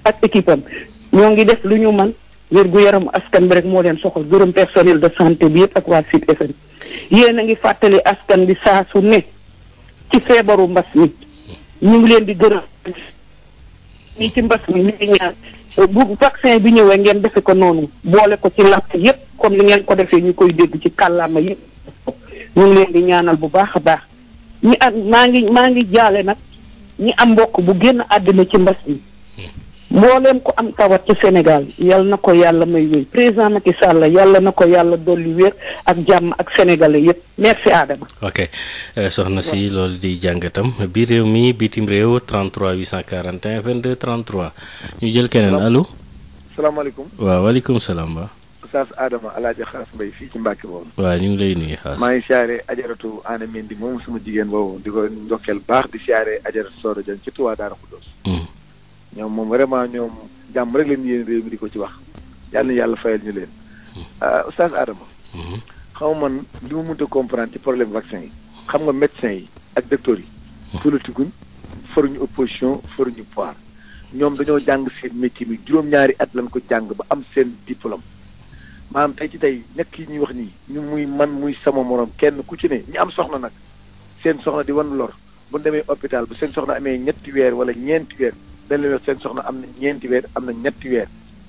ak équipe ñoo ngi def lu ñu man wér gu yaramu askan bi rek moo leen soxal gërëm personnel de santé bi yëpp ak waa Sud FM yéen a ngi fàttali askan bi saa su ne ci feebaru mbas mi ñu ngi leen di gërëm ñi ci mbas mi ñu ngi ñaan bu vaccin bi ñëwee ngeen defe ko noonu boole ko ci làkk yépp comme li ngeen ko defee ñu koy dégg ci kàllaama yépp ñu ngi leen di ñaanal bu baax a baax ñi am maa ngi maa ngi jaale nag ñi am mbokk bu génn àddina ci mbas mi mbooleem ko am tawat ci Sénégal yal na ko yàlla may wéy président Macky Sall yàlla na ko yàlla dolli wér ak jàmm ak sénégalais yépp merci Adama. ok euh, soxna si loolu di jàngatam bi réew mi bitim réew 33 841 22 33 ñu jël keneen allo. salaamaaleykum waaw waaleykum salaam. Oustaz Adama alaaji xaas mbay fii ci Mbàkke boobu. waaw ñu ngi lay maa ngi siyaare ajaratu Ana di moom suma jigéen boobu di ko ndokkeel baax di siyaare ajaratu Sooro Jaan ci Tuubaa Daara Xuddoos. Hmm. ñoom moom vraiment ñoom jàmm rek leen yéen réew mi di ko ci wax yàlla na yàlla fayal ñu leen. Hmm. Ah, Oustaz Adama. Hmm. xaw man li ma mënta comprendre ci problème vaccin yi. xam nga médecin yi ak docteurs yi. politikuñ faruñu opposition faruñu pouvoir ñoom dañoo jàng seen métier bi juróom-ñaari at lañ ko jàng ba am seen diplôme. maanaam tey ci tey nekk yi ñuy wax nii ñu muy man muy sama moroom kenn ku ci ne ñi am soxna nag seen soxna di wan lor bu ñu demee hôpital bu seen soxna amee ñetti weer wala ñeenti weer dañ leen wax seen soxna am na ñeenti weer am na ñetti weer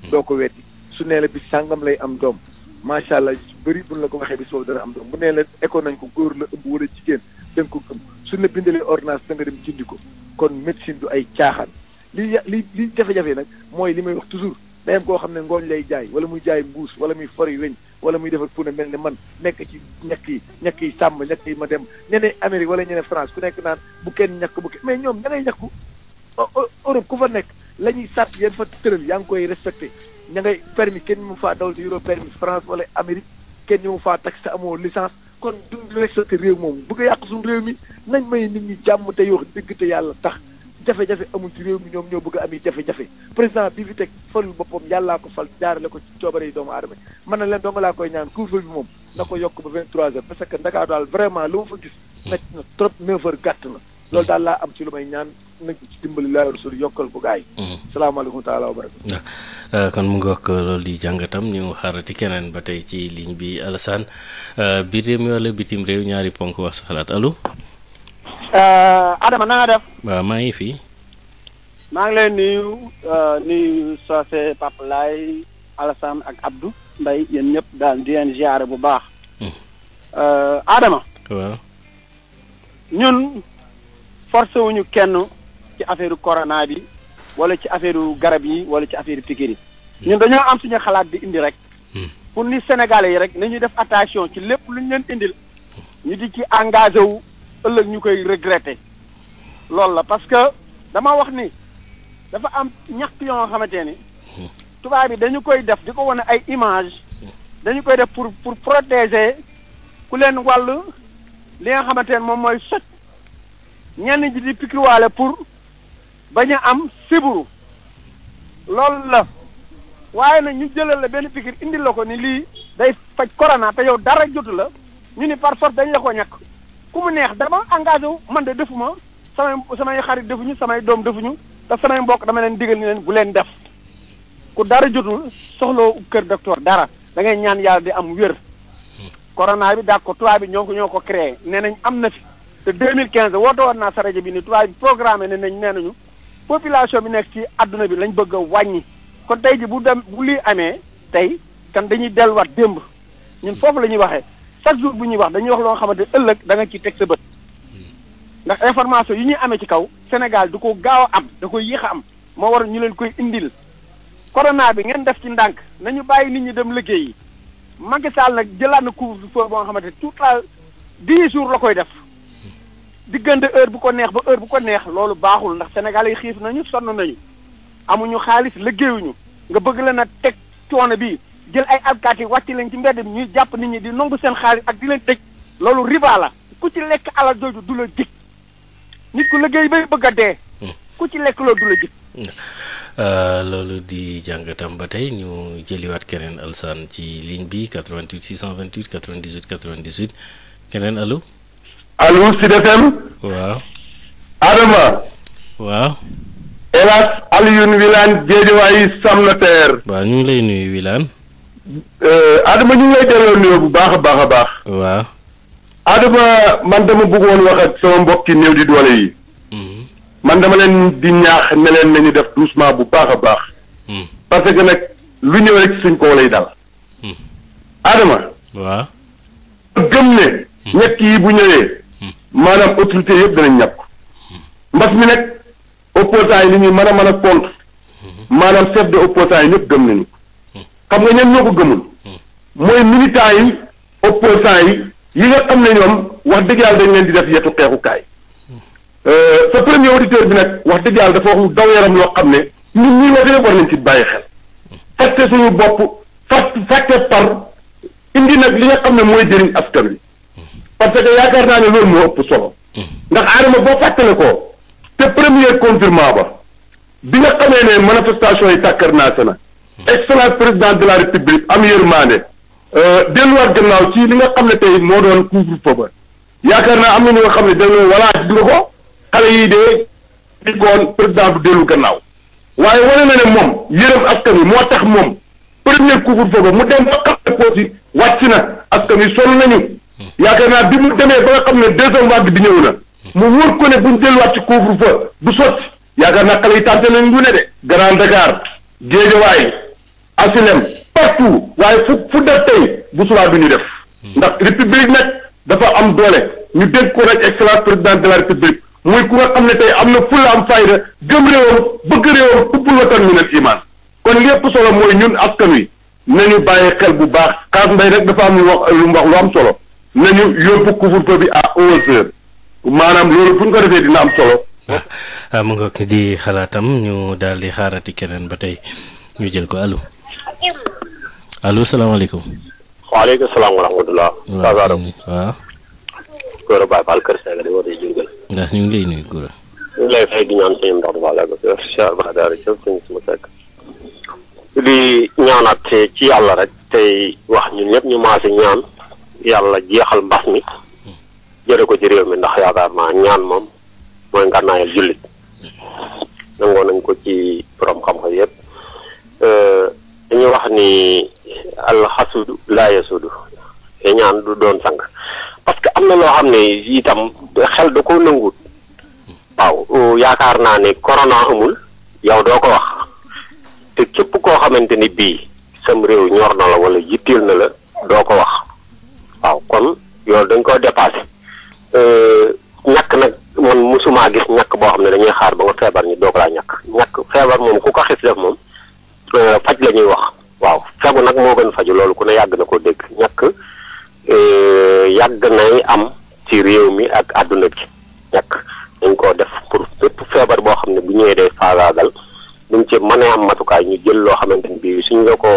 doo ko weeti su nee la bi sàngam lay am doom macha allah su bëri la ko waxee bis boobu dana am doom bu nee la ekkoon nañ ko góor la ëmb wala jigéen da ko gëm su ne bindalee ordonnance da nga dem jëndi ko kon médecine du ay caaxaan li li li jafe-jafe nag mooy li may wax toujours dayam koo xam ne ngooñ lay jaay wala muy jaay mbuus wala muy fori weñ wala muy defar pune mel ne man nekk ci ñàkk yi ñàkk yi sàmm ñàkk yi ma dem ñeneen Amérique wala ñeneen France ku nekk naan bu kenn ñàkk bu kenn mais ñoom ña ngay ñàkku Europe ku fa nekk la ñuy sàtt yéen fa tëral yaa ngi koy respecté ña ngay kenn mu faa dawal ci Europe permis France wala Amérique kenn ñu mu faa tax sa amoo licence kon duñ respecté réew moom bëgg a yàq suñu réew mi nañ may nit ñi jàmm te yoo dëgg te yàlla tax jafe-jafe amul ci réew mi ñoom ñoo bëgg a jafe-jafe président bi fi teg falul boppam yàllaa ko fal jaarale ko ci coobare yi doomu aadama man na leen dong laa koy ñaan couvre-feu bi moom na ko yokk ba 23h parce que Dakar daal vraiment lu ma fa gis métti na trop 9 gàtt na loolu daal laa am ci lu may ñaan nañ ci dimbali laa yor suñu yokkal ko gaay yi. Mhm. salaamaaleykum taala wa barakatu. Euh, kon mu ngi wax loolu di jàngatam ñu xaarati keneen ba tey ci ligne bi Alassane euh, bi réew mi wala bitim ñaari ponk wax sa Uh, Adama na def. waaw maa ngi fi. maa ngi leen nuyu uh, nuyu Socé Pape Laye Alassane ak Abdou Mbaye yéen ñëpp daal di leen ziare bu baax. Hmm. Uh, Adama. waaw. ñun forcé wuñu kenn ci affaire corona bi wala ci affaire garab yi wala ci affaire piqûre hmm. ñun dañoo am suñu xalaat di indi rek. Hmm. pour ni Sénégalais yi rek nañu def attention ci lépp luñ leen indil. ñu di ci engagé wu. ëllëg ñu koy regretter loolu la parce que dama wax ni dafa am ñàkk yoo nga xamante ni tubaab yi dañu koy def di ko wane ay image dañu koy def pour pour protéger ku leen wàll li nga xamante ne moom mooy soj ñenn ji di pikiwaale pour bañ a am siburu loolu la waaye na ñu jëlal la benn pikir indil la ko ni lii day faj corona te yow dara jotu la ñu ni par force dañ la ko ñàkk ku mu neex dama engagé wu man de defuma samay samay xarit defuñu samay doom defuñu te samay mbokk dama leen digal ni leen bu leen def ku dara jotul soxloo kër docteur dara da ngay ñaan yàlla di am wér. corona bi daal ko tubaab bi ñoo ko ñoo ko créé nee nañ am na fi te mille 2015 woote woon naa sa rajo bi ni tubaab programme ne nañ nee nañu population bi nekk ci àdduna bi lañ bëgg a wàññi. kon tey ji bu dem bu lii amee tey kan dañuy delluwaat démb ñun foofu la ñuy waxee. chaque jour bu ñuy wax dañuy wax loo xamante ne ëllëg danga nga ciy teg sa bët ndax information yi ñuy amee ci kaw Sénégal du ko gaaw a am da koy yéex a am moo war ñu leen koy indil corona bi ngeen def ci ndànk nañu bàyyi nit ñi dem liggéey yi Macky Sall nag jëlaat na couvre-feu boo xamante tout à dix jour la koy def diggante heure bu ko neex ba heure bu ko neex loolu baaxul ndax Sénégal yi xiif nañu sonn nañu amuñu xaalis liggéeyuñu nga bëgg leen a teg coono bi jël ay alkaati wàcc leen ci mbedd bi ñuy jàpp nit ñi di nangu seen xaalis ak di leen tëj loolu riba la ku ci lekk alal jooju du la jig nit ku liggéey bay bëgg a dee hmm. ku ci lekk loolu du la jig hmm. euh, loolu di jàngatam ba tey ñu jëliwaat keneen alsaan ci ligne bi 88 628 98 98 keneen allo. allo Sud FM. waaw. Adama. waaw. El Hadj Alioune Wilane Guédiawaye Sam Notaire. waaw ñu ngi lay nuyu Wilane. Euh, Adama ñu ngi lay delloo nuyoo bu baax a baax a baax. waaw. Adama man dama bëggoon wax ak sama mbokki néew di doole yi. Mm-hmm. man dama leen di ñaax ne leen nañu def doucement bu baax a baax. Mm-hmm. parce que nag lu ñëw rek suñ kaw lay dal. Mm-hmm. Adama. waaw. gëm ne. ñett yi bu ñëwee. maanaam autorité yëpp danañ ñàkk. mbas mi nag opposants yi ni ñuy mën a mën a contre. maanaam chef de opposants yi ñëpp gëm nañu. xam nga ñoom ñoo ko gëmul. mooy militants yi opposants yi yi nga xam ne ñoom wax dëgg yàlla dañ leen di def yetu xeexukaay. Euh, sa premier auditeur bi nag wax dëgg yàlla dafa wax lu daw loo xam ne ñun ñii wax dëgg war nañ ci bàyyi xel. fàtte suñu bopp fàtte fàtte par indi nag li nga xam ne mooy jëriñ askan wi. parce que yaakaar naa ne loolu moo ëpp solo. ndax aadama boo fàttale ko te premier confinement ba bi nga xamee ne manifestation yi tàkkar naa se na excellence président de la république am yërmande euh, delluwaat gannaaw ci li nga xam ne tey moo doon couvre-feu ba yaakaar naa am na ñu nga xam ne dañoo walaat di nga ko xale yii dee di koon président bu dellu gannaaw waaye wane na ne moom yërëm askan wi moo tax moom premier couvre-feu ba mu dem ba xam ne aussi wàcc na askan wi sonn nañu yaakaar naa bi mu demee ba nga xam ne deuxième vague bi ñëw na mu wóor ko ne buñ delluwaat ci couvre-feu bu sot yaakaar naa xale yi tànte nañ lu ne de Grand Dakar Guédiawaye HLM partout waaye fu fu def tey bu subaa du ñu def. Hmm. ndax république nag dafa am doole ñu dégg ko rek excellence président de la république muy ku nga xam ne tey am na fulla am fayda gëm réewam bëgg réewam ubbul watan minal iman kon lépp solo mooy ñun askan wi nañu bàyyi xel bu baax xaas mbay rek dafa am lu wax lu wax lu am solo ñu yóbbu couvre-feu bi à onze heures maanaam loolu bu ñu ko defee dina am solo. waaw ah, ah, mu nga di xalaatam ñu daal di xaarati ba tey ñu jël ko allo. allo salaamaaleykum. waaleykum salaam wa rahmatulah. waaw Gora Baye Fall Kër Sega di woote Diourbel. ndax ñu ngi lay nuyu Gora. ñu ngi lay fay di ñaan suñu ndox ba la ko di ñaanaat ci yàlla rek tey wax ñun ñëpp ñu maase ñaan yàlla jeexal mbas mi. jëre ko ci réew mi ndax yaakaar naa ñaan moom mooy ngànnaayal jullit. nangoo nañ ko ci borom xam-xam yëpp. Euh, wax ni alxasudu laa yasudu ñaan du doon sang parce que am na loo xam ne itam xel da ko nanguut waaw yaakaar naa ni corona amul yow doo ko wax te képp koo xamante ni bii sam réew ñor na la wala yitteel na la doo ko wax waaw kon yow dañ koo dépassé euh, ñàkk nag man mosumaa gis ñàkk boo xam ne dañuy xaar ba nga feebar ñu doo ko laa ñàkk ñàkk feebar moom ku ko xis def moom euh, faj la ñuy wax waaw fegu nag moo gën faju loolu ku ne yàgg na ko dégg ñàkk eh, yàgg nay am ci réew mi ak àdduna bi ñàkk dañ koo def pour bépp feebar boo xam ne bu ñëwee day faagaagal buñ ci mënee am matukaay ñu jël loo xamante bii suñ la ko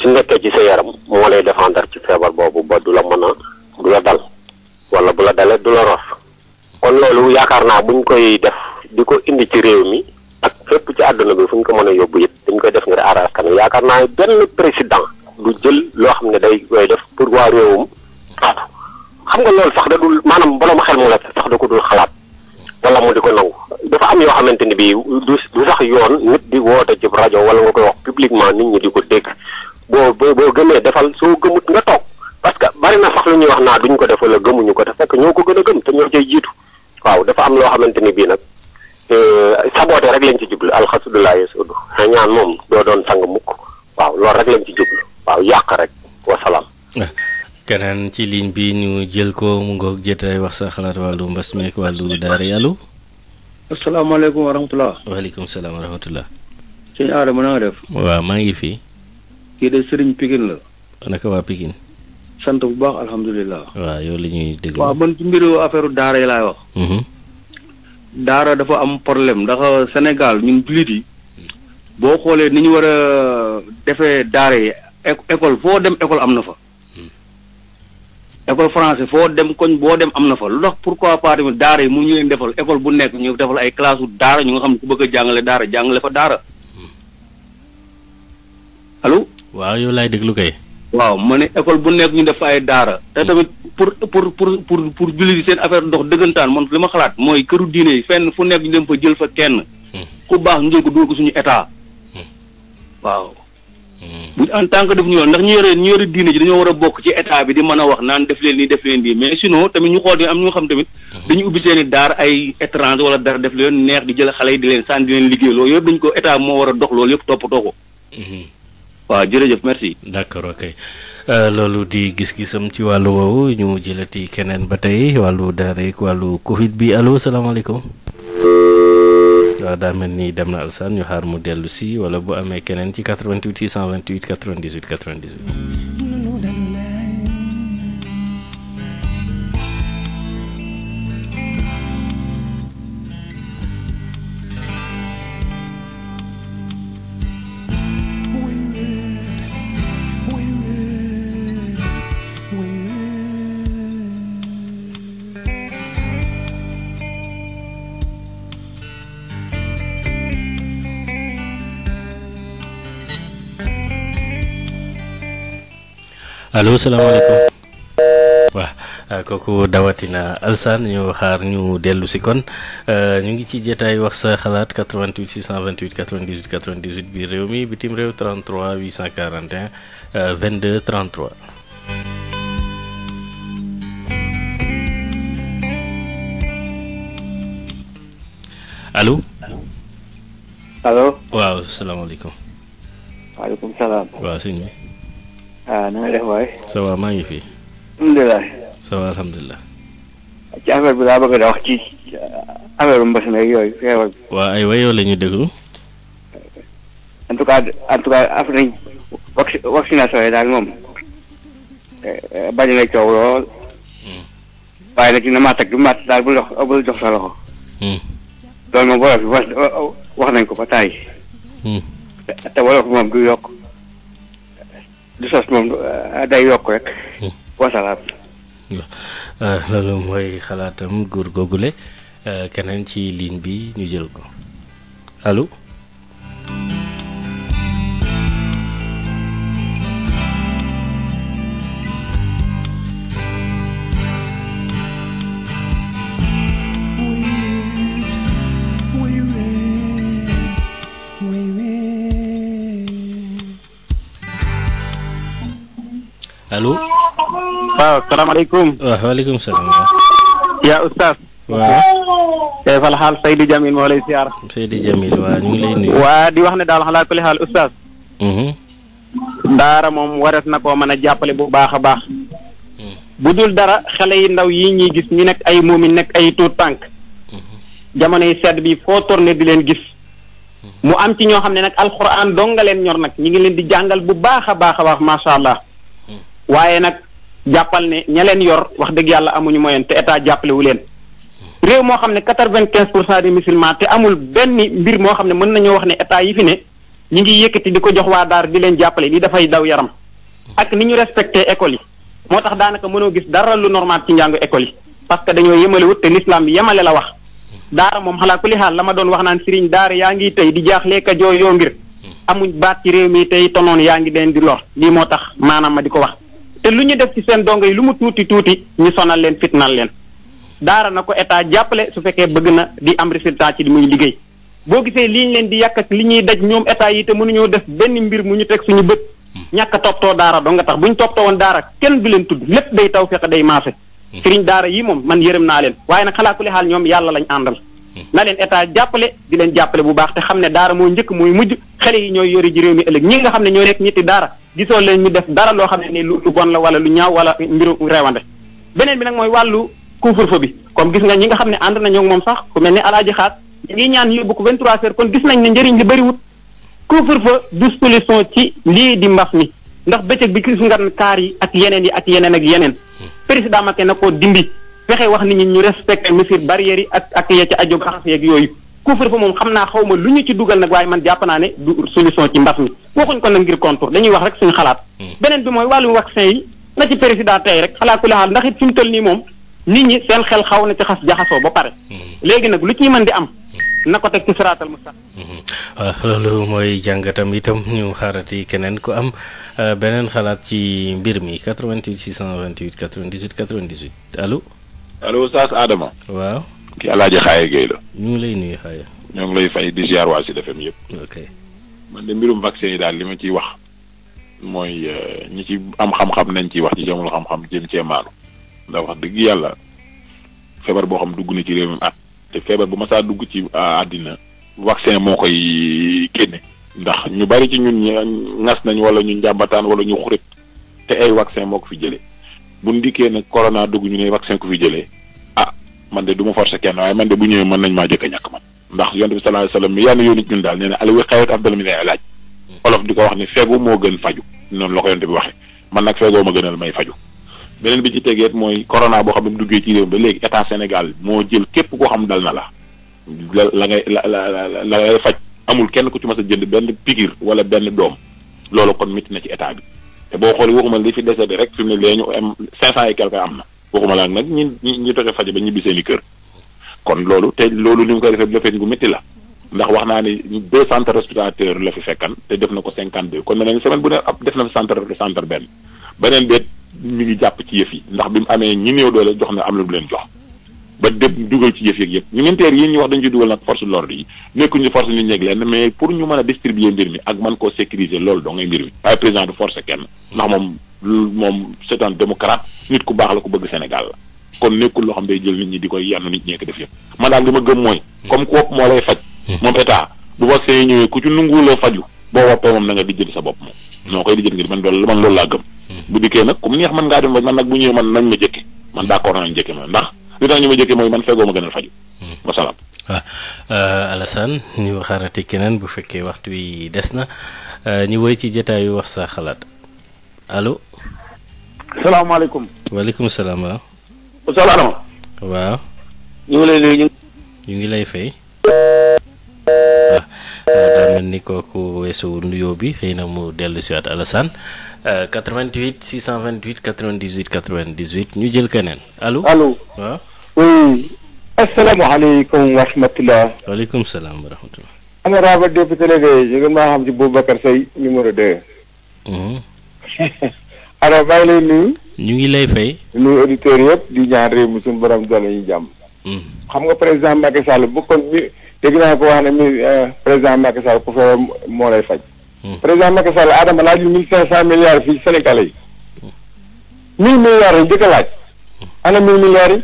su nekkee ci sa yaram moo lay défendre ci feebar boobu ba du la mën a du la dal wala bu la dalee du la ros kon loolu yaakaar naa buñ koy def di ko indi ci réew mi ak fépp ci àdduna bi fu ñu ko mën a yóbbu it dañ koy def ngir aar askan wi yaakaar naa benn président du jël loo xam ne day koy def pour waa réewum xam nga loolu sax da dul maanaam boroom xel mu la sax da ko dul xalaat wala mu di ko nangu dafa am yoo xamante ni bii du du sax yoon nit di woote ci rajo wala nga koy wax publiquement nit ñi di ko dégg boo boo gën gëmee defal soo gëmut nga toog parce que bari na sax lu ñuy wax naa duñ ko def wala gëmuñu ko te fekk ñoo ko gën a gëm te ñoo jiitu waaw dafa am loo xamante ni bii nag saboote rek lañ ci jublu alxasudulaa yasudu a ñaan moom doo doon sang mukk waaw loolu rek lañ ci jublu waaw yàq rek wasalaam eh, keneen ci ligne bi ñu jël ko mu ngoog jëtay wax sa xalaat wàllu mbas meek wàllu daara yàllu asalaamaaleykum wa rahmatulah waaleykum salaam maa ngi fii kii de sëriñ Pikine la naka waa Pikine sant bu baax alhamdulilah waaw yow li ñuy dégg mbiru affaire daara yi laay wax mm-hmm. daara dafa am problème ndax Sénégal ñun jullit yi boo xoolee ni ñu war a defee daara yi école foo dem école am na fa école français foo dem koñ boo dem am na fa lu tax pourquoi pas tamit daara yi mu ñu leen defal école bu nekk ñu defal ay classe daara ñu nga xam ne ku bëgg a jàngale daara jàngale fa daara allo. waaw yow laay déglu kay. waaw ma ne école bu nekk ñu def ay daara te tamit. pour pour pour pour pour jullit yi seen affaire ndox dëggantaan man li ma xalaat mooy këru diine yi fenn fu nekk ñu dem fa jël fa kenn. Hmm. ku baax ñu jël ko dugal ko suñu état. Hmm. waaw. Hmm. bu en tant que def ñu yoon ndax ñu yore ñu diine ji dañoo war a bokk ci état bi di mën a wax naan def leen nii def leen nii mais sinon tamit ñu xool di am ñu xam tamit. dañu ubbi seen daar ay étranger wala dara def leen neex di jël xale yi di leen sànni di leen liggéey loolu dañ ko état moo war a dox loolu yëpp toppatoo ko. waaw jërëjëf merci. d'accord ok. Euh, loolu di gis-gisam ci wàllu woowu ñu ti keneen ba tey wàllu daareek wàllu Covid bi allo salaamaaleykum. waaw daa mel ni dem na alsaan ñu xaar mu dellu si wala bu amee keneen ci 88 628 98 98. allo salaamaaleykum waaw ah, kooku dawatina Alsaan ñu xaar ñu dellu si kon euh, ñu ngi ci jotaay wax sa xalaat 88 628 98 98 biir réew mi bitim réew 33 841 22 33. allo. allo. waaw salaamaaleykum. waaleykum salaam. waaw sëñ bi. waaw na def waay. ça va maa ngi fi. alhamdulilah. ça va alhamdulilah. ci affaire bi laa bëgg a wax ci affaire mbas mi yooyu feebar bi. waaw aywa yow la ñu déglu. en tout cas en tout cas affaire vaccination moom bari na coow lool. waaye dina mat ak du mat daal bul dox bul jox sa loxo. loolu moom wolof wax nañ ko ba taay. te wolof moom du yokk. du sos moom euh, day hmm. euh, loolu mooy xalaatam góor googule euh, keneen ci ligne bi ñu jël ko allo. allo. waaw salaamaaleykum. waaw ah, waaleykum salaam. yaa oustaz. waaw. kayfa al xaal Seydou Jamil moo lay ziar. Seydou Jamil waaw ñu ngi lay nuyu. waa di wax ne daal xalaa kulli xaal oustaz. Mm-hmm. daara moom warees na koo mën a jàppale bu baax a baax. bu dul dara xale yi ndaw yi ñuy gis ñu nekk ay moomi nekk ay tuut tànk. Mm-hmm. jamonoy sedd bi foo tourné di leen gis. Mm-hmm. mu am ci ñoo xam ne nag alxuraan dong leen ñor nag ñu ngi leen di jàngal bu baax a baax a baax macha allah. waaye nag jàppal ne ña leen yor wax dëgg yàlla amuñu moyen te état jàppale wu leen réew moo xam ne quatre-vingt-quinze pour cent des musulmans te amul benn mbir moo xam ne mën nañoo wax ne état yi fi ne ñi ngi yëkkati di ko jox waa daar di leen jàppale li dafay daw yaram ak ni ñu respecté école yi moo tax daanaka mënoo gis dara lu normal ci njàngu école yi parce que dañoo yemale wut te l'islam yemale la wax daara moom xalaa ku li xaal la ma doon wax naan sëriñ daara yaa ngi tey di jaaxle ka yoo ngir amuñ baat réew mi tey tonoon yaa ngi leen di lor lii moo tax maanaam ma di ko wax te lu ñu def ci seen dongo yi lu mu tuuti tuuti ñu sonal leen fitnal leen daara na ko état jàppale su fekkee bëgg na di am résultat ci li muy liggéey boo gisee lii ñu leen di yàq li ñuy daj ñoom état yi te mënuñoo def benn mbir mu ñu teg suñu bët ñàkk a too daara doo nga tax bu ñu toppatoo woon daara kenn du leen tudd lépp day taw fexe day maase. sëriñ hmm. daara yi moom man yërëm naa leen waaye nag xalaat ku le xaal ñoom yàlla lañ àndal. na leen état jàppale di leen jàppale bu baax te xam ne daara moo njëkk mooy mujj xale yi ñooy yori ji réew mi ëllëg ñi nga xam ne ñoo nekk ñitti daara gisoo leen ñu def dara loo xam ne ni lu bon la wala lu ñaaw wala mbiru reewande beneen bi nag mooy wàllu couvre-feu bi comme gis nga ñi nga xam ne ànd nañoo ak moom sax ku mel ni alaaji xaat ñu ngi ñaan yóbbu ko 23 heures kon gis nañ ne njëriñ li bëriwut couvre-feu du solution ci lii di mbas mi ndax bëccëg bi gis nga kaar yi ak yeneen yi ak yeneen ak yeneen président Macky na ko dimbi fexe wax nit ñi ñu respecté mesures barrières yi ak ak ya ca aju raxas yooyu couvre fa moom xam naa xaw ma lu ñu ci dugal nag waaye man jàpp naa ne du solution ci mbas mi waxuñ ko nag ngir contour dañuy wax rek suñu xalaat. Hmm. beneen bi mooy wàllum vaccin yi na ci président tey rek xalaat ku la ndax it fi mu nii moom nit ñi seen xel xaw na ci xas jaxasoo ba pare. Hmm. léegi nag lu ci man di am. Hmm. na ko teg ci siraatal mustaqim waaw ah, loolu mooy jàngatam itam ñu xaarati keneen ku am ah, beneen xalaat ci mbir mi 88 628 98 98 allo. allo Saas aadama waaw. kii El Hadj Xaaye Guèye la. ñu ngi lay nuyu Xaaye. ñoo ngi lay fay di ziar waa Sud FM yëpp. ok man de mbirum vaccin yi daal li ma ciy wax mooy euh, ñi ci am xam-xam nañ ciy wax ci jamul xam-xam jëm cee maanu ndax wax dëgg yàlla feebar boo xam dugg na ci réew mi at te feebar bu ma saa dugg ci àddina vaccin moo koy génne. ndax ñu bari ci ñun ñi ngas nañ wala ñu njàmbataan wala ñu xurit te ay vaccin moo ko fi jëlee. bu ndikkee nag corona dugg ñu ne vaccin ku fi jëlee ah man de du ma forcer kenn waaye man de bu ñëwee mën nañ maa jëkk a ñàkk man ndax yonent bi sallallahu alayhi wasallam mi yàlla yónni ñun olof di ko wax ni fegu moo gën faju noonu la ko yonent bi waxee man nag fegoo ma gënal may faju beneen bi ci tegeet mooy corona boo xam ne duggee ci réew ba léegi état Sénégal moo jël képp koo xam dal na la la la ngay la la la ngay faj amul kenn ku ci mas a jënd benn piqûre wala benn doom loolu kon métti na ci état bi te boo xoolee waxuma li fi dese bi rek fi ne léegi ñu am 500 et quelque am na waxuma la nag ñi ñi ñu fexe faj ba ñibbi seen i kër. kon loolu te loolu li mu koy defee lëfeen gu métti la ndax wax naa ni deux centres respirateurs la fi fekkan te def na ko cinquante deux kon meneen semaine bu ne ab def na fi centre centre benn beneen beet ñu ngi jàpp ci yëf yi ndax bi mu amee ñi néew doole jox na am lu leen jox. ba dem dugal ci yëf yeeg yëpp militaires yi ñu wax dañu ci dugal nag force de l'ordre yi nekkuñu force li ñeeg leen mais pour ñu mën a distribuer mbir mi ak mën koo sécuriser loolu doo ngay mbir mi waaye président du force kenn ndax moom moom c'est un démocrate nit ku baax la ku bëgg Sénégal la kon nekkul loo xam day jël nit ñi di koy yenn nit ñee ko def yëpp man daal li ma gëm mooy comme ku wopp moo lay faj moom état bu vaccin yi ñëwee ku ci nunguwula faju boo woppee moom na nga di jënd bopp moom noo koy di loolu man loolu laa gëm hmm. bu dikkee nag comme neex man ngaa dem man nag bu ñëwee man nañ ma jëkke li tax ñu ma jëkkee mooy man fegoo ma gënal faju hmm. wasalaam waaw ah, euh, Alassane ñu xaarati keneen bu fekkee waxtu wi des na euh, ñu woy ci jotaayu wax sa xalaat allo. salaamaaleykum. waalekum salaam. waaw. ñu ngi lay ñu ngi lay fay. mel ni kooku weesuwul nuyoo bi xëy na mu dellu siwaat Alassane 88 628 98 98 ñu jël keneen allo. allo waaw. oui. asalaamaaleykum wa rahmatulah. waaleykum salaam wa rahmatulah. honorable député Légué ñu ngi maa xam ci Boubacar Seye numéro 2. Mhm. alors bàyyi lay nuyu. ñu ngi lay fay. nuyu auditeurs yëpp di ñaan réew mi suñu borom doole ñu jàmm. Mhm. xam nga président Macky Sall bu kon dégg naa ko wax ne mi euh, président Macky Sall ku feebar moo lay faj. Hmm. président Macky Sall Adama laaj yu mille cinq milliards fii Sénégalais yi. Hmm. mille milliards yi njëkk a laaj. Hmm. ana mille milliards yi.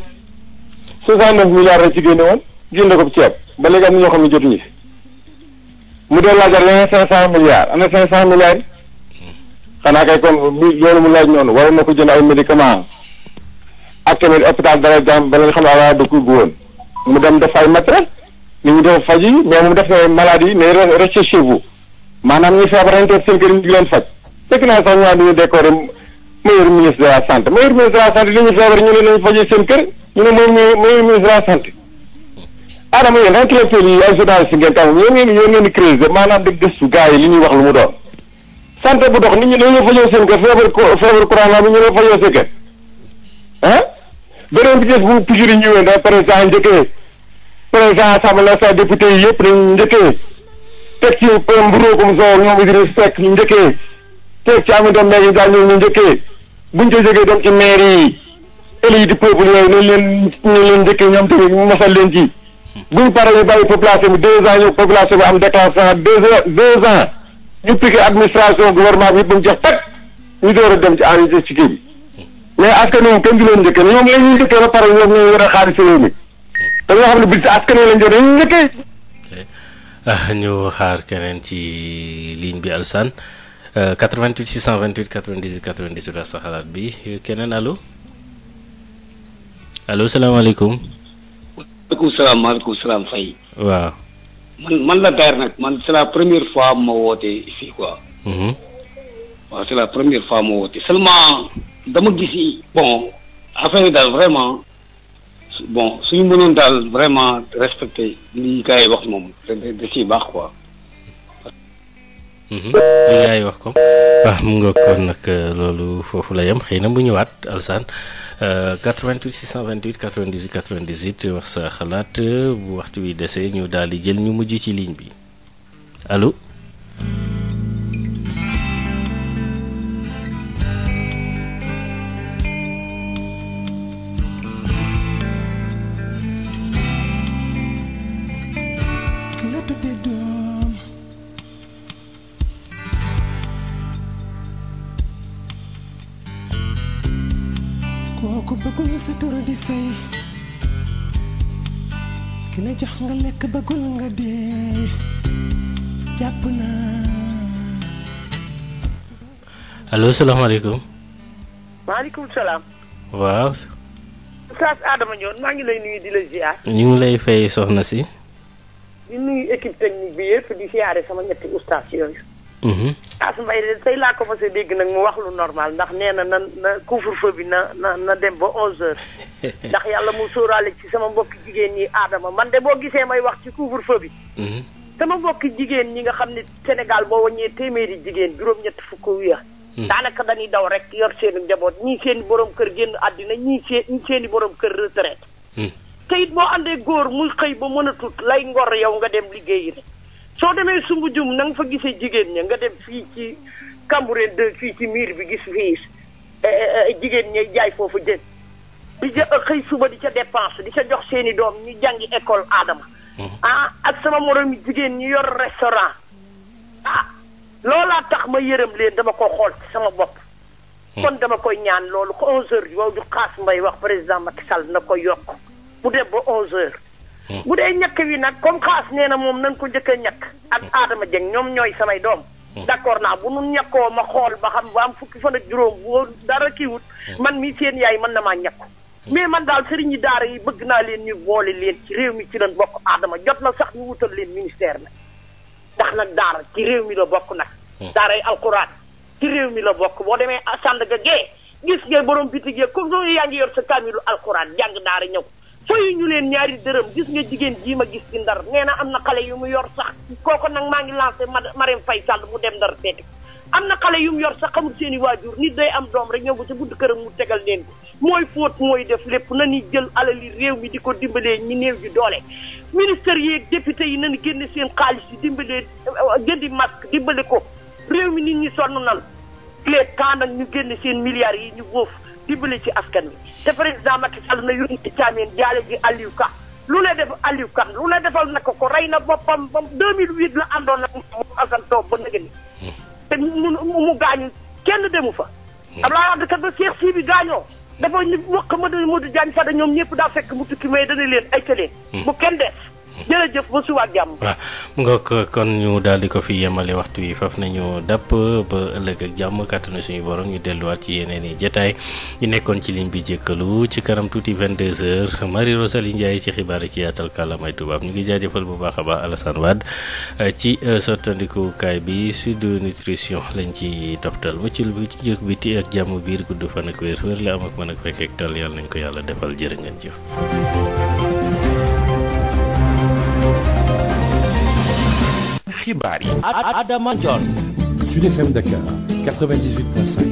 soixante milliards la ci génne woon. jënd ko ceeb ba léegi am ñoo xam ne jotuñu si. mu doon laajal leneen cinq cent milliards ana cinq cent milliards yi. xanaa kay kon loolu mu laaj noonu waroon na ko jënd ay médicament ak tamit hôpital dara jàmm ba leen xam ne waa dëkk gu woon mu dem def ay matériel ni ñu doon faj mais moom def na maladie mais restez chez vous maanaam ñu feebarante seen kër ñu ngi leen faj fekk naa sax ñu naan ñu décoré meilleur ministre de la santé meilleur ministre de la santé li ñu feebar ñu ne nañu fajee seen kër ñu ne moom meilleur ministre de la santé. adama yéen intellectuel yi ay journaliste ngeen tam yéen ngeen yéen ngeen di crise maanaam di gëstu gars yi li ñuy wax lu mu doon santé bu dox nit ñi dañoo fajoo seen kër feebar feebar courant bi ñu ne fajoo seen kër ah beneen bi gis président assemblée nationale député yi yëpp dañu njëkkee teg ci Mburoogum Sow ñoom Idriss Seck ñu njëkkee teg ci Amidou Mbengue Ndiaye ñoom ñu njëkkee buñ ca jógee dem ci maire yi élus du peuple yooyu nañ leen ñu leen njëkkee ñoom tamit mu mosal leen ci. buñ paree ñu bàyyi bi deux ans ñu population bi am déclenchement deux deux ans ñu piqué administration gouvernement bi bu mu jox pat ñu door a dem ci enregistré ci kii bi mais askan wi kenn du leen njëkkee ñoom la ñuy njëkkee ba pare ñoom ñooy war a xaalis da nga xam ne biir si askan wi lañ doon nekkee. Ah, ñu xaar keneen ci ligne bi Alsane 88 628 98 98 wax sa xalaat bi keneen allo allo salaamaaleykum. maaleykum salaam maaleykum salaam Faye. waaw. man man la Daer nag man c'est la première fois ma woote fii mhm. la première fois ma woote seulement dama gis bon affaire daal vraiment. bon suñu mënoon daal vraiment respecté li gars wax moom da ciy baax quoi. Mhm. yaa wax ko waaw ah, mu nga kon nag euh, loolu foofu la yem xëy na mu ñëwaat Alsaan 88 628 98 98 wax sa xalaat bu waxtu wi desee ñu daal di jël ñu mujj ci ligne bi allo. kooku bëggul la sa tur di fay ki la jox nga lekk bëggul nga dee jàpp naa allo salaamaaleykum maaleykum salaam waaw Oustaz Adama Ndione maa ngi lay nuyu di la ziar ñu ngi lay fay soxna si di nuyu équipe technique bi yëpp di ziare sama ñetti oustaz yooyu mhm. As Mbaye de tey laa commencé dégg nag mu wax lu normal ndax nee na na na couvre-feu na na na dem ba 11h ndax yàlla mu sóoraale ci sama mbokki jigéen ñi aadama man de boo gisee may wax ci couvre-feu bi. Mhm. sama mbokki jigéen ñi nga xam ni Sénégal boo wàññee téeméeri jigéen juróom-ñett fukk wéex. Mhm. daanaka dañuy daw rek yor seeni njaboot ñii seeni boroom kër génn àddina ñii seen ñii seeni boroom kër retraite. Mhm. te boo àndee góor muy xëy ba mënatul lay ngor yow nga dem liggéeyi soo demee sumbu jum na nga fa gisee jigéen ñi nga dem fii ci Cambérène de fii ci miir bi gis fii eh, eh, eh, jigéen ñay jaay foofu jën di a xëy suba di ca dépense di ca jox seeni doom ñu jàngi école aadama mm-hmm. ah ak sama moroom jigéen ñu yor restaurant ah loolaa tax ma yërëm leen dama ko xool ci sama bopp mm-hmm. kon dama koy ñaan loolu ko onze heures yi wow du xaas mbay wax président Macky Sall na ko yokk mu dem ba onze heures Hmm. bu dee ñàkk wi nag comme xaas nee na moom nañ ko jëkk a ñàkk ak hmm. Adama Dieng ñoom ñooy samay doom hmm. d'accord naa bu nu ñàkkoo ma xool ba xam ba am fukki fan ak juróom boo dara kiiwut man mii seen yaay man na maa ñàkku mais man daal sëriñ yi daara yi bëgg naa leen ñu boole leen ci réew mi ci leen bokk Adama jot na sax ñu wutal leen ministère nag ndax nag daara ci réew mi la bokk nag daara yi alxuraan ci réew mi la bokk boo demee Sandaga gee gis nga borom biti gee comme yaa ngi yor sa kaamilu alxuraan jàng daara ñëw fayu ñu leen ñaari dërëm gis nga jigéen jii ma gis ci ndar nee na am na xale yu mu yor sax kooku nag maa ngi ma Marème fay Sall mu dem ndar seeti am na xale yu mu yor sax xamul seen i waajur nit day am doom rek ñëw ba ca bunt këram mu tegal leen mooy fóot mooy def lépp na ñuy jël alali réew mi di ko dimbalee ñi néew ji doole. ministère yeeg député yi nañu génne seen xaalis yi dimbalee euh, jëndi masque dimbale ko réew mi nit ñi sonn nan les temps nag ñu génne seen milliards yi ñu wóof. dimbali ci askan wi te président Macky Sall na yónni ci caameen jaale ji Ka lu ne def Aliou ka lu la defal na ko ko rey na boppam ba 2008 la àndoon nag moom Assane Sow ba nëgë ni te mu mu gaañu kenn demu fa Abdoulaye Wade kat ba Cheikh Sy bi gaañoo dafa ñu wax Modou Modou Diagne Fada ñoom ñëpp daa fekk mu tukki may dana leen ay tëleen hmm. bu kenn def jërëjëf ba suba ak mu nga kon ñu daal di ko fi yemale waxtu yi faf nañu dàpp ba ëllëg ak jàmm kàttanu suñu borom ñu delluwaat ci yeneen i jotaay ñi nekkoon ci ligne bi jëkkalu ci kanam tuuti vingt 22h Marie Rosalie Ndiaye ci xibaar ci yaatal kàllaamay tubaab ñu ngi jëfal bu baax a baax Alassane Wade euh, ci euh, sottandikukaay bi Sud Nutrition lañ ci toftal muccul bi ci jëkk bi ti ak jàmm biir gudd fan ak wér wér la am ak mën ak fekk ak yàlla nañ ko yàlla defal jërë ngeen xibaar yi. Adama Ndione. Dakar